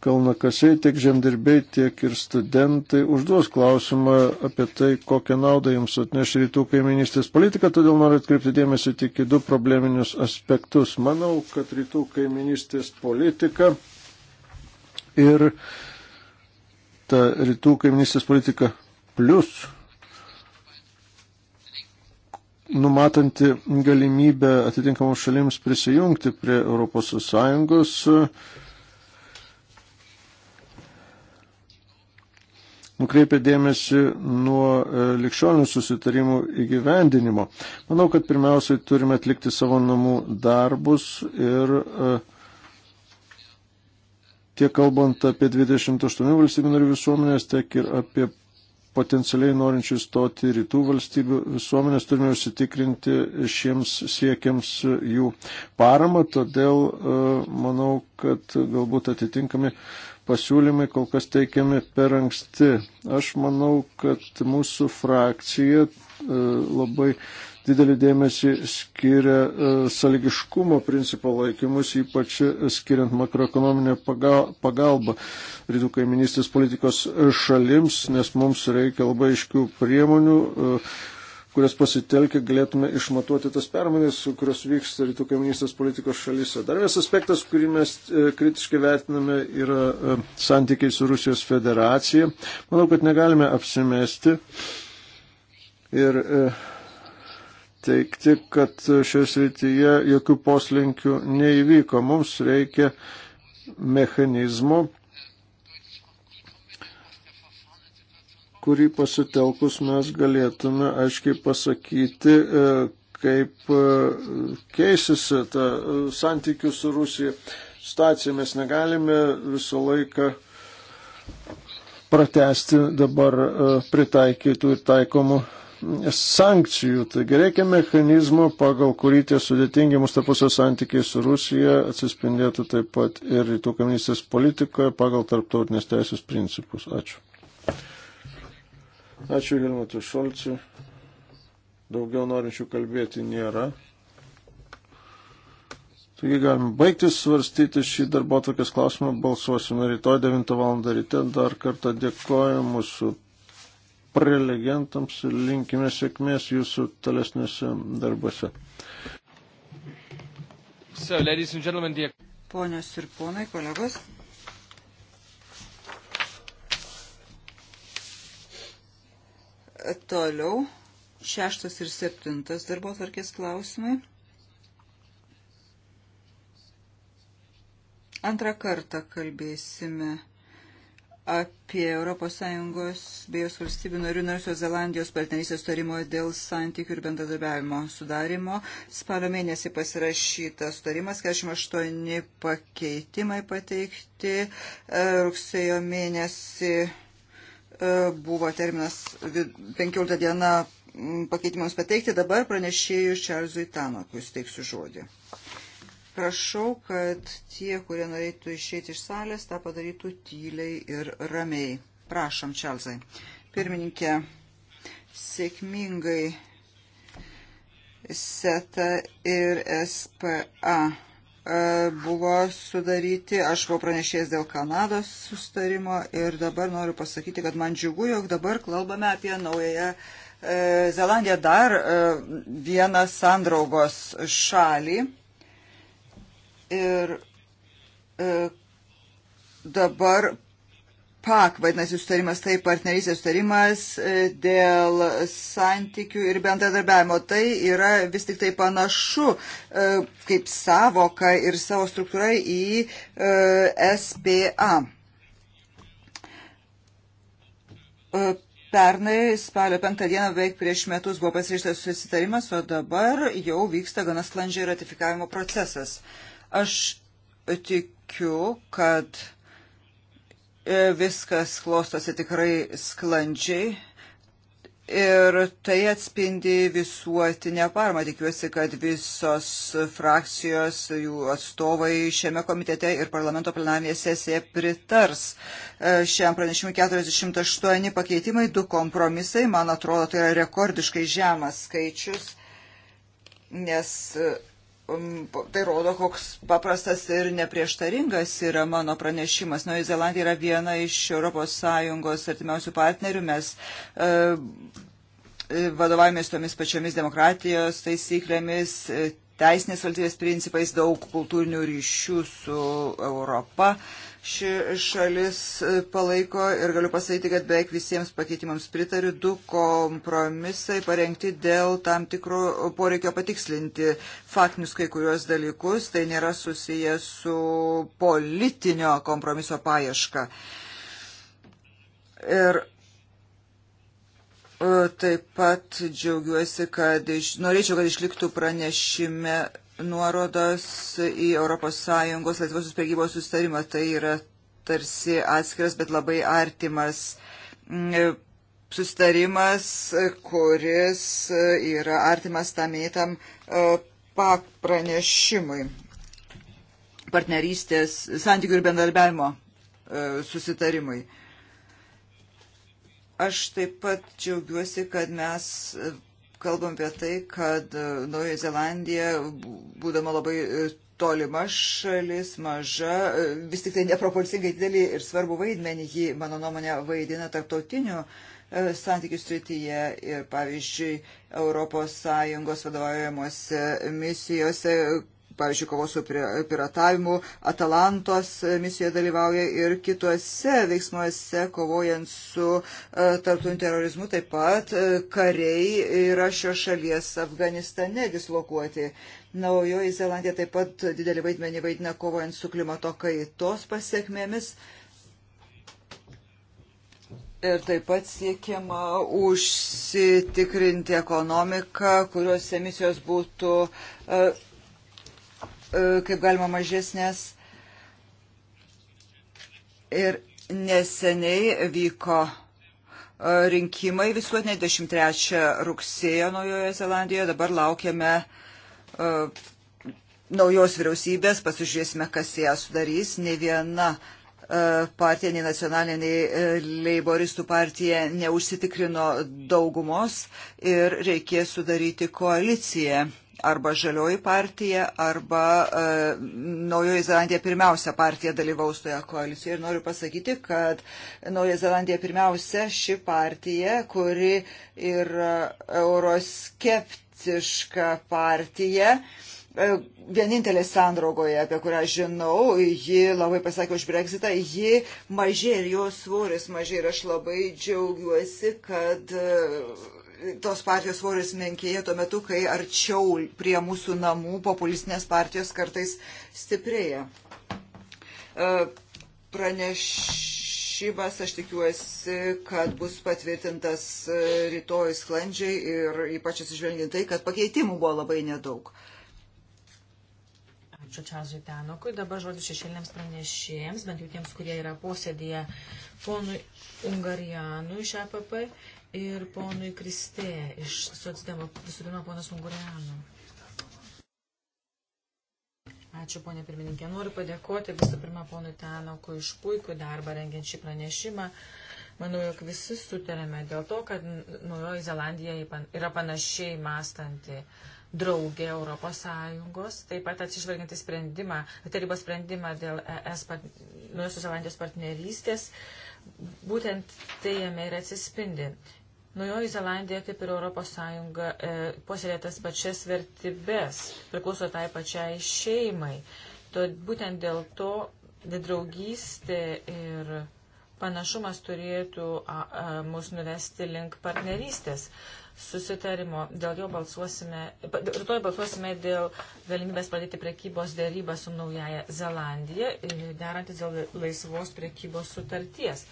kalnakasiai, tiek žemdirbiai, tiek ir studentai užduos klausimą apie tai, kokią naudą jums atneš rytų kaiminystės politika, todėl noriu atkreipti dėmesį tik į du probleminius aspektus. Manau, kad rytų kaiminystės politika ir ta rytų kaiminystės politika plus numatanti galimybę atitinkamoms šalims prisijungti prie ES nukreipia dėmesį nuo e, likščionių susitarimų įgyvendinimo. Manau, kad pirmiausiai turime atlikti savo namų darbus ir e, tiek kalbant apie 28 valstybių narių visuomenės, tiek ir apie potencialiai norinčių įstoti rytų valstybių visuomenės, turime užsitikrinti šiems siekiams jų paramą, todėl e, manau, kad galbūt atitinkami pasiūlymai kol kas teikiami per anksti. Aš manau, kad mūsų frakcija e, labai didelį dėmesį skiria e, saligiškumo principo laikymus, ypač skiriant makroekonominę pagalbą rytų kaiminystės politikos šalims, nes mums reikia labai iškių priemonių e, kurias pasitelkę galėtume išmatuoti tas permainas, kurios vyksta rytų kaiminystės politikos šalyse. Dar vienas aspektas, kurį mes e, kritiškai vertiname, yra e, santykiai su Rusijos federacija. Manau, kad negalime apsimesti ir e, teikti, kad šioje srityje jokių poslinkių neįvyko. Mums reikia mechanizmų, kurį pasitelkus mes galėtume aiškiai pasakyti, e, kaip e, keisis e, ta santykių su Rusija situacija. Mes negalime visą laiką pratesti dabar pritaikytų ir taikomų sankcijų. Taigi reikia mechanizmo, pagal kurį tie sudėtingi mūsų tarpusio santykiai su Rusija atsispindėtų taip pat ir rytų kaimynystės politikoje pagal tarptautinės teisės principus. Ačiū. Ačiū Helmutui Šolciui. Daugiau norinčių kalbėti nėra. Taigi galim baigti svarstyti šį darbo tokias klausimą. Balsuosime rytoj 9 val. ryte. Dar kartą dėkoju mūsų prelegentams ir linkime sėkmės jūsų tolesnėse darbuose. So, Ponios ir ponai, kolegos. Toliau šeštas ir septintas darbo tvarkės klausimai. Antrą kartą kalbėsime apie ES bei jos valstybių narių Naujosios Zelandijos partnerystės tarimo dėl santykių ir bendradarbiavimo sudarimo. Spalio mėnesį pasirašytas sutarimas, 48 pakeitimai pateikti, e, rugsėjo mėnesį E, buvo terminas 15 diena pakeitimams pateikti, dabar pranešėjų Čarlzui Tanokui steiksiu žodį. Prašau, kad tie, kurie norėtų išėti iš salės, tą padarytų tyliai ir ramiai. Prašom, Čarlzai. Pirmininkė, sėkmingai SETA ir SPA E, buvo sudaryti. Aš buvau pranešėjęs dėl Kanados sustarimo ir dabar noriu pasakyti, kad man džiugu, jog dabar kalbame apie naująją e, Zelandiją dar e, vieną sandraugos šalį. Ir dabar PAK vadinasi sutarimas, tai partnerysės sutarimas e, dėl santykių ir bendradarbiavimo. Tai yra vis tik tai panašu e, kaip savoka ir savo struktūra į e, SPA. Pernai spalio penktą dieną beveik prieš metus buvo pasirištas susitarimas, o dabar jau vyksta gana sklandžiai ratifikavimo procesas. Aš tikiu, kad uh, E, viskas klostosi tikrai sklandžiai ir tai atspindi visuotinę parmą. Tikiuosi, kad visos frakcijos, jų atstovai šiame komitete ir parlamento plenarinėje sesijoje pritars e, šiam pranešimui 48 pakeitimai, du kompromisai. Man atrodo, tai yra rekordiškai žemas skaičius, nes e, tai rodo, koks paprastas ir neprieštaringas yra mano pranešimas. Naujoji Zelandija yra viena iš ES artimiausių partnerių. Mes e, e, vadovavomės tomis pačiomis demokratijos taisyklėmis, e, teisinės valstybės principais, daug kultūrinių ryšių su Europa. E, ši šalis e, palaiko ir galiu pasakyti, kad beveik visiems pakeitimams pritariu. Du kompromisai parengti dėl tam tikro poreikio patikslinti faktinius kai kuriuos dalykus. Tai nėra susiję su politinio kompromiso paieška. Ir e, taip pat džiaugiuosi, kad iš, norėčiau, kad išliktų pranešime nuorodos į ES laisvosios prekybos sustarimą. Tai yra tarsi atskiras, bet labai artimas mm, sustarimas, kuris yra artimas tamėtam e, pak pranešimui partnerystės, santykių ir bendarbiavimo e, susitarimui. Aš taip pat džiaugiuosi, kad mes kalbam apie tai, kad e, Naujoji Zelandija, būdama labai e, tolima šalis, maža, e, vis tik tai neproporcingai didelį ir svarbu vaidmenį jį, mano nuomonė, vaidina tarptautinių santykių srityje ir, pavyzdžiui, Europos Sąjungos vadovaujamuose misijose pavyzdžiui, kovos su piratavimu, Atalantos misijoje dalyvauja ir kituose veiksmuose kovojant su e, tarptautiniu terorizmu, taip pat e, kariai yra šios šalies Afganistane dislokuoti. Naujoji Zelandija taip pat didelį vaidmenį vaidina kovojant su klimato kaitos pasiekmėmis. Ir taip pat siekiama užsitikrinti ekonomiką, kurios emisijos būtų uh, E, kaip galima mažesnės. Ir neseniai vyko e, rinkimai visuotinė 23 rugsėjo Naujojoje Zelandijoje. Dabar laukiame uh, naujos vyriausybės, pasižiūrėsime, kas ją sudarys. Ne viena uh, partija, nei nacionalinė, nei leiboristų partija neužsitikrino daugumos ir reikės sudaryti koaliciją arba žalioji partija, arba e, Naujoji Zelandija pirmiausia partija dalyvaus toje koalicijoje. Ir noriu pasakyti, kad Naujoji Zelandija pirmiausia ši partija, kuri yra euroskeptiška partija, e, vienintelė sandraugoje, apie kurią žinau, ji labai pasakė už Brexitą, ji mažė ir jos svoris mažė ir aš labai džiaugiuosi, kad e, tos partijos svoris menkėja tuo metu, kai arčiau prie mūsų namų populistinės partijos kartais stiprėja. E, pranešimas, aš tikiuosi, kad bus patvirtintas e, rytoj sklandžiai ir ypač atsižvelgiant tai, kad pakeitimų buvo labai nedaug. Ačiū Čazui Tenokui. Dabar žodis šešėliniams pranešėjams, bent jau tiems, kurie yra posėdėje ponui Ungarijanui iš APP e ir ponui Kristė iš Sociodemo, visų pirma, ponas Munguriano. Ačiū, ponė pirmininkė. Noriu padėkoti visų pirma ponui Tanokui iš puikų darbą rengiant šį pranešimą. Manau, jog visi sutarėme dėl to, kad Naujoji Zelandija yra panašiai mąstanti draugė Europos Sąjungos, taip pat atsižvelgiant į sprendimą, tarybos sprendimą dėl ES part, Naujosios Zelandijos partnerystės, būtent tai jame ir atsispindi. Naujoji Zelandija, kaip ir Europos Sąjunga, e, posėlė tas pačias vertybės, priklauso tai pačiai šeimai. To, būtent dėl to draugystė ir panašumas turėtų a, a, mus nuvesti link partnerystės susitarimo. Dėl jo balsuosime, rytoj balsuosime dėl galimybės pradėti prekybos dėrybą su Naujaja Zelandija, derantis dėl laisvos prekybos sutarties.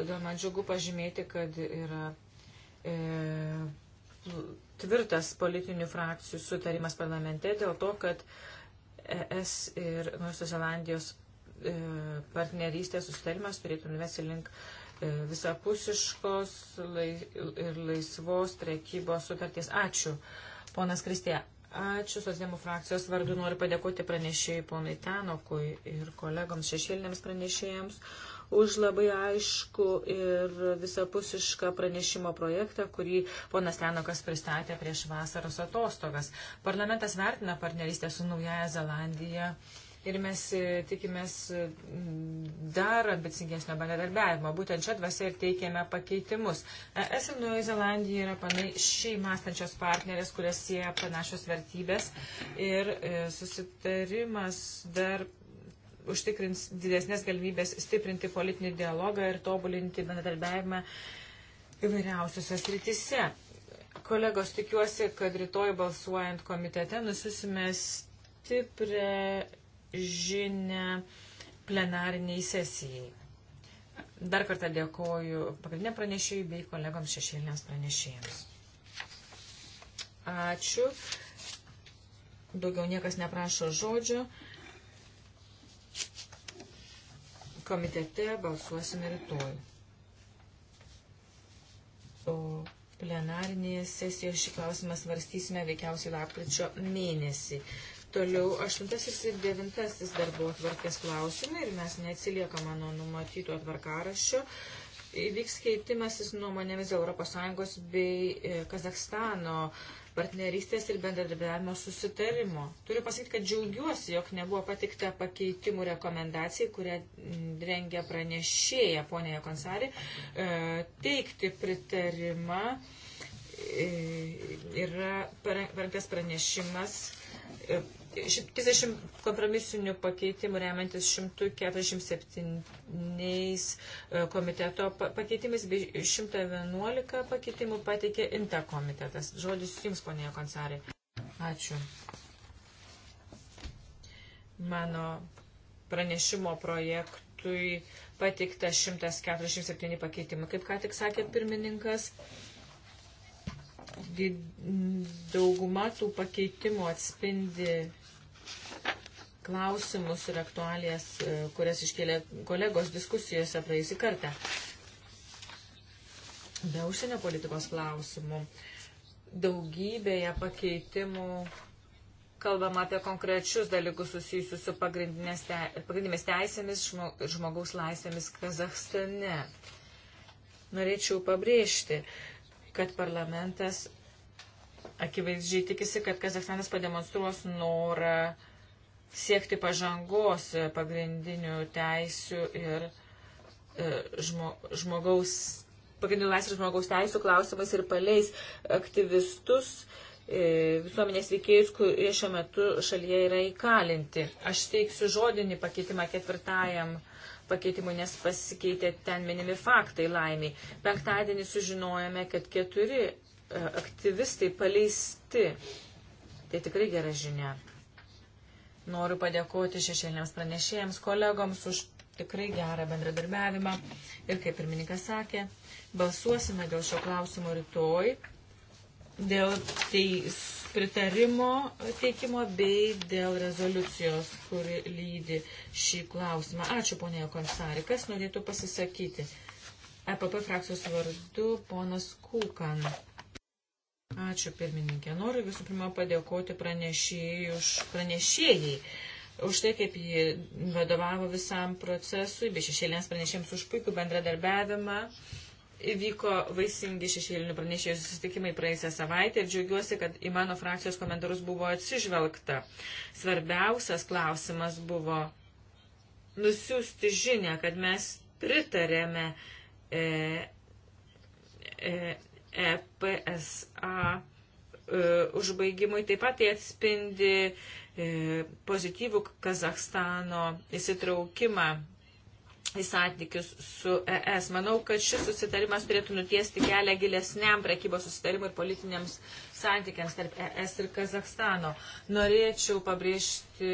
Todėl man džiugu pažymėti, kad yra e, tvirtas politinių frakcijų sutarimas parlamente dėl to, kad ES ir Nuosios Zelandijos e, partnerystės susitarimas turėtų nuvesti link e, visapusiškos lai, ir laisvos prekybos sutarties. Ačiū, ponas Kristė. Ačiū Sosdemų frakcijos vardu. Noriu padėkoti pranešėjai ponai Tenokui ir kolegoms šešėlinėms pranešėjams už labai aišku ir visapusišką pranešimo projektą, kurį ponas Lenokas pristatė prieš vasaros atostogas. Parlamentas vertina partnerystę su Naujaja Zelandija. Ir mes e, tikimės e, dar ambicingesnio bendradarbiavimo. Būtent čia dvasia ir teikiame pakeitimus. ES ir Naujoji Zelandija yra panašiai mąstančios partnerės, kurias sieja panašios vertybės. Ir e, susitarimas dar užtikrins didesnės galimybės stiprinti politinį dialogą ir tobulinti bendradarbiavimą įvairiausiose srityse. Kolegos, tikiuosi, kad rytoj balsuojant komitete nususime stiprią žinę plenariniai sesijai. Dar kartą dėkoju pagrindiniam pranešėjui bei kolegoms šešėliniams pranešėjams. Ačiū. Daugiau niekas neprašo žodžio. komitete balsuosime rytoj. O plenarinėje sesijoje šį klausimą svarstysime veikiausiai lapkričio mėnesį. Toliau aštuntasis ir devintasis darbo atvarkės klausimai ir mes neatsiliekame nuo numatyto atvarkaraščio. Įvyks keitimasis nuomonėmis ES bei e, Kazakstano partnerystės ir bendradarbiavimo susitarimo. Turiu pasakyti, kad džiaugiuosi, jog nebuvo patikta pakeitimų rekomendacijai, kurią mm, rengia pranešėja ponė Jekonsari, e, teikti pritarimą e, yra parengtas pranešimas e, 30 kompromisinių pakeitimų remiantis 147 e, komiteto pakeitimais bei 111 pakeitimų pateikė INTA komitetas. Žodis jums, ponė Konsarai. Ačiū. Mano pranešimo projektui pateikta 147 pakeitimai. Kaip ką tik sakė pirmininkas, dauguma tų pakeitimų atspindi klausimus ir aktualijas, e, kurias iškėlė kolegos diskusijose praėjusį kartą. Be užsienio politikos klausimų daugybėje pakeitimų kalbama apie konkrečius dalykus susijusius su pagrindinėmis te, teisėmis ir žmogaus laisvėmis Kazahstane. Norėčiau pabrėžti, kad parlamentas akivaizdžiai tikisi, kad Kazahstanas pademonstruos norą uh, siekti pažangos pagrindinių teisių ir e, žmo, žmogaus, pagrindinių laisvės žmogaus teisų klausimais ir paleis aktyvistus, e, visuomenės veikėjus, kurie šiuo metu šalyje yra įkalinti. Aš teiksiu žodinį pakeitimą ketvirtajam pakeitimui, nes pasikeitė ten minimi faktai laimiai. Penktadienį sužinojame, kad keturi e, aktyvistai paleisti. Tai tikrai gera žinia. Noriu padėkoti šešėliniams pranešėjams, kolegoms už tikrai gerą bendradarbiavimą. Ir kaip pirmininkas sakė, balsuosime dėl šio klausimo rytoj, dėl teis pritarimo teikimo bei dėl rezoliucijos, kuri lydi šį klausimą. Ačiū, ponė Konsari. Kas norėtų pasisakyti? EPP frakcijos vardu ponas Kūkan. Ačiū pirmininkė. Noriu visų pirma padėkoti pranešėjai už, pranešėjai už tai, kaip ji vadovavo visam procesui, bei šešėlinės pranešėjams už puikų bendradarbiavimą. Įvyko vaisingi šešėlinių pranešėjų susitikimai praėjusią savaitę ir džiaugiuosi, kad į mano frakcijos komentarus buvo atsižvelgta. Svarbiausias klausimas buvo nusiųsti žinę, kad mes pritarėme e, e, EPSA E, užbaigimui. Taip pat tai atspindi e, pozityvų Kazakstano įsitraukimą į santykius su ES. Manau, kad šis susitarimas turėtų nutiesti kelią gilesniam prekybos susitarimui ir politiniams santykiams tarp ES ir Kazakstano. Norėčiau pabrėžti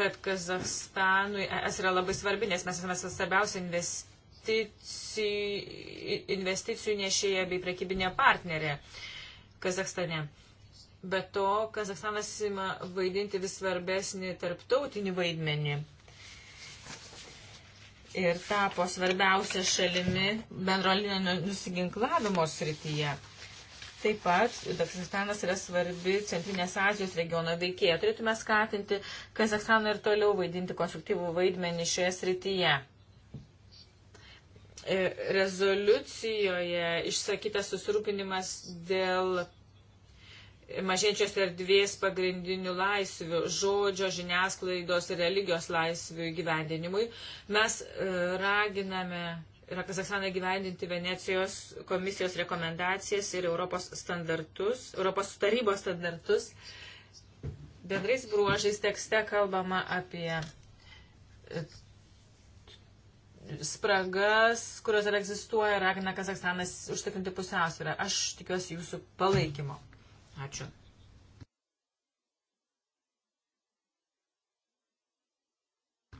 kad Kazakstanui ES yra labai svarbi, nes mes esame svarbiausia investicija investicijų, investicijų nešėja bei prekybinė partnerė Kazakstane. Be to, Kazakstanas ima vaidinti vis svarbesnį tarptautinį vaidmenį ir tapo svarbiausia šalimi bendrolinio nusiginklavimo srityje. Taip pat Kazakstanas yra svarbi Centrinės Azijos regiono veikėja. Turėtume skatinti Kazakstaną ir toliau vaidinti konstruktyvų vaidmenį šioje srityje. E, rezoliucijoje išsakytas susirūpinimas dėl mažėčios erdvės pagrindinių laisvių, žodžio, žiniasklaidos ir religijos laisvių įgyvendinimui. Mes e, raginame yra Kazakstaną gyvendinti Venecijos komisijos rekomendacijas ir Europos standartus, Europos tarybos standartus. Bendrais bruožais tekste kalbama apie spragas, kurios dar egzistuoja, ragina Kazakstanas užtikrinti pusiausvyrą. Aš tikiuosi jūsų palaikymo. Ačiū.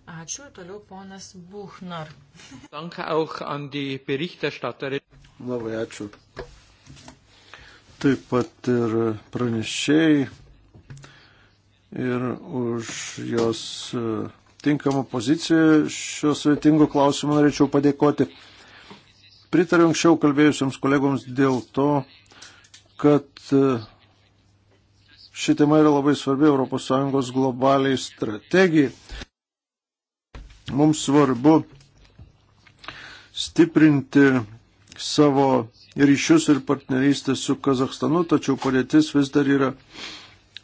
Ačiū, toliau ponas Buchner. Danke auch an die Berichterstatterin. Labai ačiū. Taip pat ir pranešėjai ir už jos uh, tinkamą poziciją šio sveitingų klausimų norėčiau padėkoti. Pritariu anksčiau kalbėjusiems kolegoms dėl to, kad e, ši tema yra labai svarbi ES globaliai strategijai. Mums svarbu stiprinti savo ryšius ir partnerystę su Kazakstanu, tačiau padėtis vis dar yra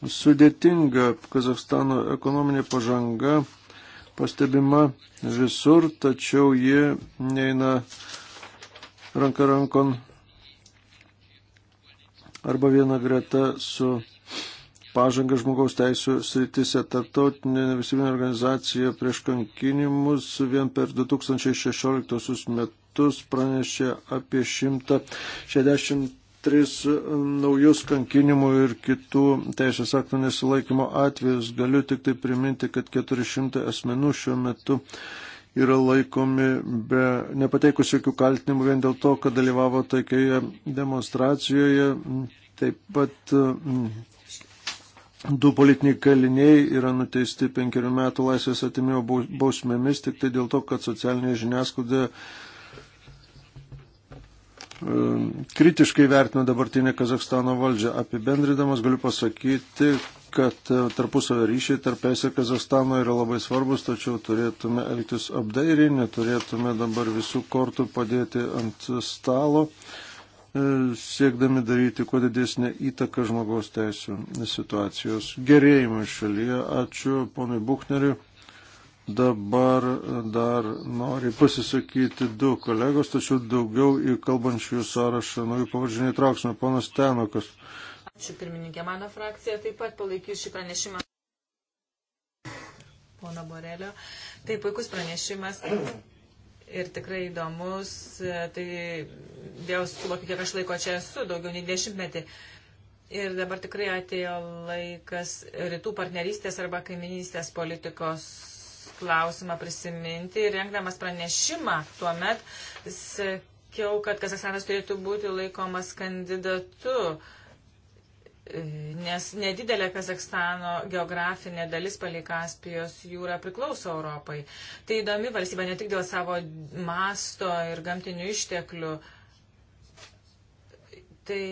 sudėtinga. Kazakstano ekonominė pažanga pastebima visur, tačiau ji neina ranka rankon arba viena greta su pažanga žmogaus teisų sritise. Tartautinė nevisybinė organizacija prieš kankinimus vien per 2016 metus pranešė apie 160 tris naujus kankinimų ir kitų teisės aktų nesilaikymo atvejus. Galiu tik tai priminti, kad 400 asmenų šiuo metu yra laikomi be nepateikus jokių kaltinimų vien dėl to, kad dalyvavo taikioje demonstracijoje. Taip pat mm, du politiniai kaliniai yra nuteisti penkerių metų laisvės atimimo bausmėmis tik tai dėl to, kad socialinėje žiniasklaidoje kritiškai vertina dabartinę Kazakstano valdžią. Apibendridamas galiu pasakyti, kad e, tarpusavio ryšiai tarp ES ir Kazakstano yra labai svarbus, tačiau turėtume elgtis apdairiai, neturėtume dabar visų kortų padėti ant stalo, e, siekdami daryti kuo didesnę įtaką žmogaus teisų situacijos gerėjimui šalyje. Ačiū ponui Buchneriui. Dabar dar nori pasisakyti du kolegos, tačiau daugiau į kalbančiųjų sąrašą naujų pavardžių neįtrauksime. Ponas Tenokas. Ačiū pirmininkė, mano frakcija taip pat palaikys šį pranešimą. Pono Borelio. Tai puikus pranešimas ir tikrai įdomus. Tai Dievas suvokė, kiek aš laiko čia esu, daugiau nei dešimtmetį. Ir dabar tikrai atėjo laikas rytų partnerystės arba kaiminystės politikos klausimą prisiminti ir rengdamas pranešimą tuo met sakiau, kad Kazakstanas turėtų būti laikomas kandidatu, e, nes nedidelė Kazakstano geografinė dalis palei Kaspijos jūrą priklauso Europai. Tai įdomi valstybė ne tik dėl savo masto ir gamtinių išteklių. Tai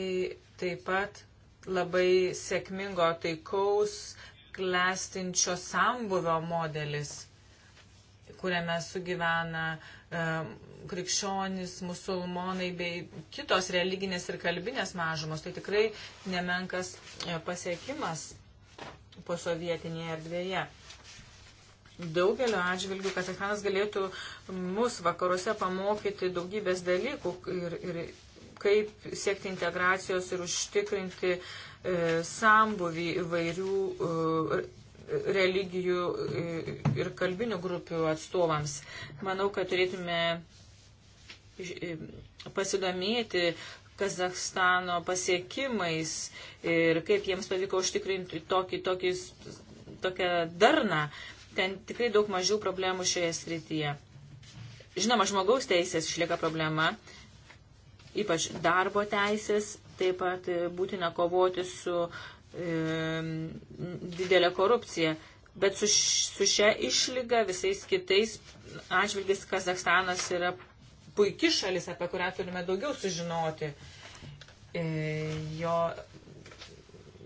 taip pat labai sėkmingo taikaus klestinčio sambuvio modelis kuriame sugyvena e, krikščionys, musulmonai bei kitos religinės ir kalbinės mažumos. Tai tikrai nemenkas e, pasiekimas po sovietinėje erdvėje. Daugeliu atžvilgių Kazakstanas galėtų mus vakaruose pamokyti daugybės dalykų ir, ir kaip siekti integracijos ir užtikrinti e, sambuvi įvairių e, religijų e, ir kalbinių grupių atstovams. Manau, kad turėtume e, pasidomėti Kazakstano pasiekimais ir kaip jiems pavyko užtikrinti tokį, tokį, tokią darną. Ten tikrai daug mažiau problemų šioje srityje. Žinoma, žmogaus teisės išlieka problema, ypač darbo teisės, taip pat būtina kovoti su uh, didelė korupcija. Bet su, su šia išlyga visais kitais atžvilgiais Kazakstanas yra puikia šalis, apie kurią turime daugiau sužinoti. E, jo,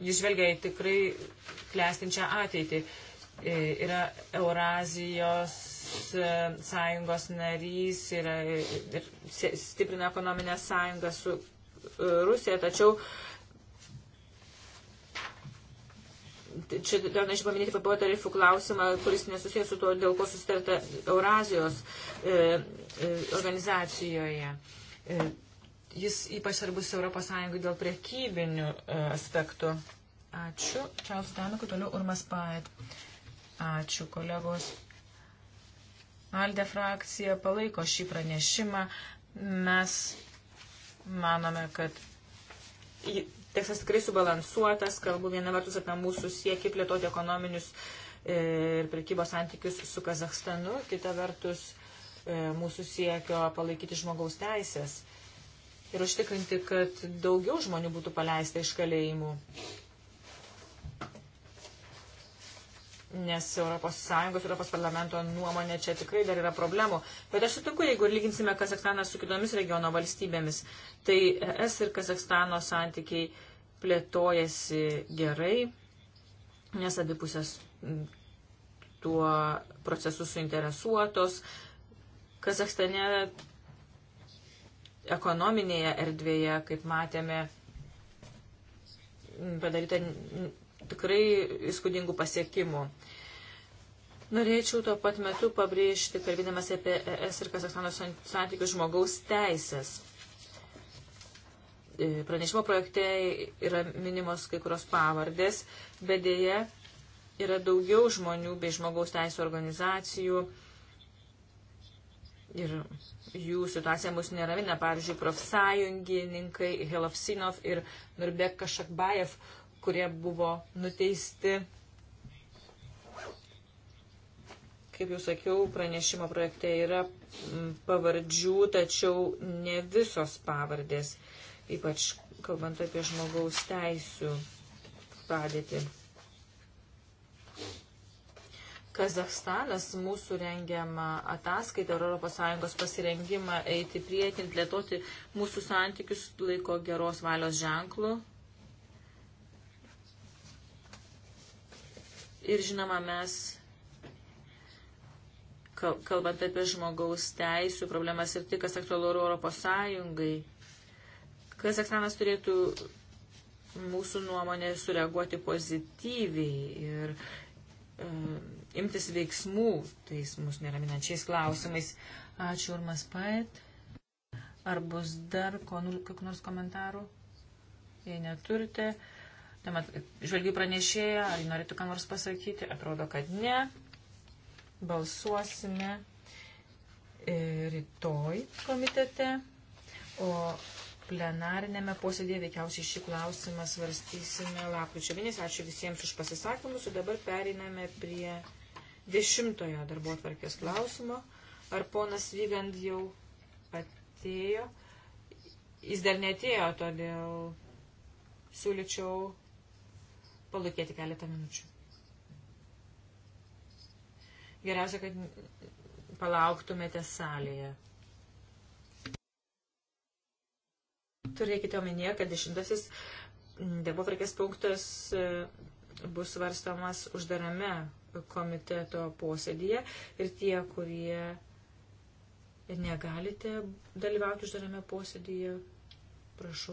jis žvelgia į tikrai klestinčią ateitį. E, yra Eurazijos e, sąjungos narys, yra, ir, ir stiprina ekonominę sąjungą su e, Rusija, tačiau e, čia dar norėčiau paminėti PPO tarifų klausimą, kuris nesusijęs su to, dėl ko susitarta Eurazijos e, e, organizacijoje. E, jis ypač svarbus Europos Sąjungai dėl priekybinių e, aspektų. Ačiū. Čarlis Danukui, toliau Urmas Paet. Ačiū, kolegos. Alde frakcija palaiko šį pranešimą. Mes manome, kad tekstas tikrai subalansuotas, kalbu viena vertus apie mūsų siekį plėtoti ekonominius e, ir prekybos santykius su Kazakstanu, kita vertus e, mūsų siekio palaikyti žmogaus teisės ir užtikrinti, kad daugiau žmonių būtų paleista iš kalėjimų. nes ES ir ES parlamento nuomonė čia tikrai dar yra problemų. Bet aš sutinku, jeigu lyginsime Kazakstaną su kitomis regiono valstybėmis, tai ES ir Kazakstano santykiai plėtojasi gerai, nes abipusės tuo procesu suinteresuotos. Kazakstane ekonominėje erdvėje, kaip matėme, padaryta tikrai įspūdingų pasiekimų. Norėčiau tuo pat metu pabrėžti, kalbėdamas apie ES ir Kazakstano santykius žmogaus teisės. E, pranešimo projekte yra minimos kai kurios pavardės, bet dėje yra daugiau žmonių bei žmogaus teisų organizacijų ir jų situacija mus neramina. Pavyzdžiui, profsąjungininkai Helofsinov ir Nurbek Kašakbajev, kurie buvo nuteisti. Kaip jau sakiau, pranešimo projekte yra mm, pavardžių, tačiau ne visos pavardės, ypač kalbant apie žmogaus teisų padėtį. Kazahstanas mūsų rengiamą ataskaitą ES pasirengimą eiti priekin, plėtoti mūsų santykius laiko geros valios ženklų. Ir žinoma, mes, kalbant apie žmogaus teisų problemas ir tai, kas aktualu Europos Sąjungai, Kazakstanas turėtų mūsų nuomonė sureaguoti pozityviai ir e, imtis veiksmų tais mūsų neraminančiais klausimais. Ačiū, Urmas Paet. Ar bus dar nu- kokių nors komentarų? Jei neturite, Tuomet žvelgiu pranešėją, ar jį norėtų ką nors pasakyti. Atrodo, kad ne. Balsuosime e, rytoj komitete, o plenarinėme posėdėje veikiausiai šį klausimą svarstysime lapkričio mėnesį. Ačiū visiems už pasisakymus. O dabar periname prie dešimtojo darbo atvarkės klausimo. Ar ponas Vygand jau atėjo? Jis dar netėjo, todėl siūlyčiau palūkėti keletą minučių. Geriausia, kad palauktumėte salėje. Turėkite omenyje, kad dešimtasis darbotvarkės punktas e, bus svarstamas uždarame komiteto posėdėje ir tie, kurie negalite dalyvauti uždarame posėdėje, prašau.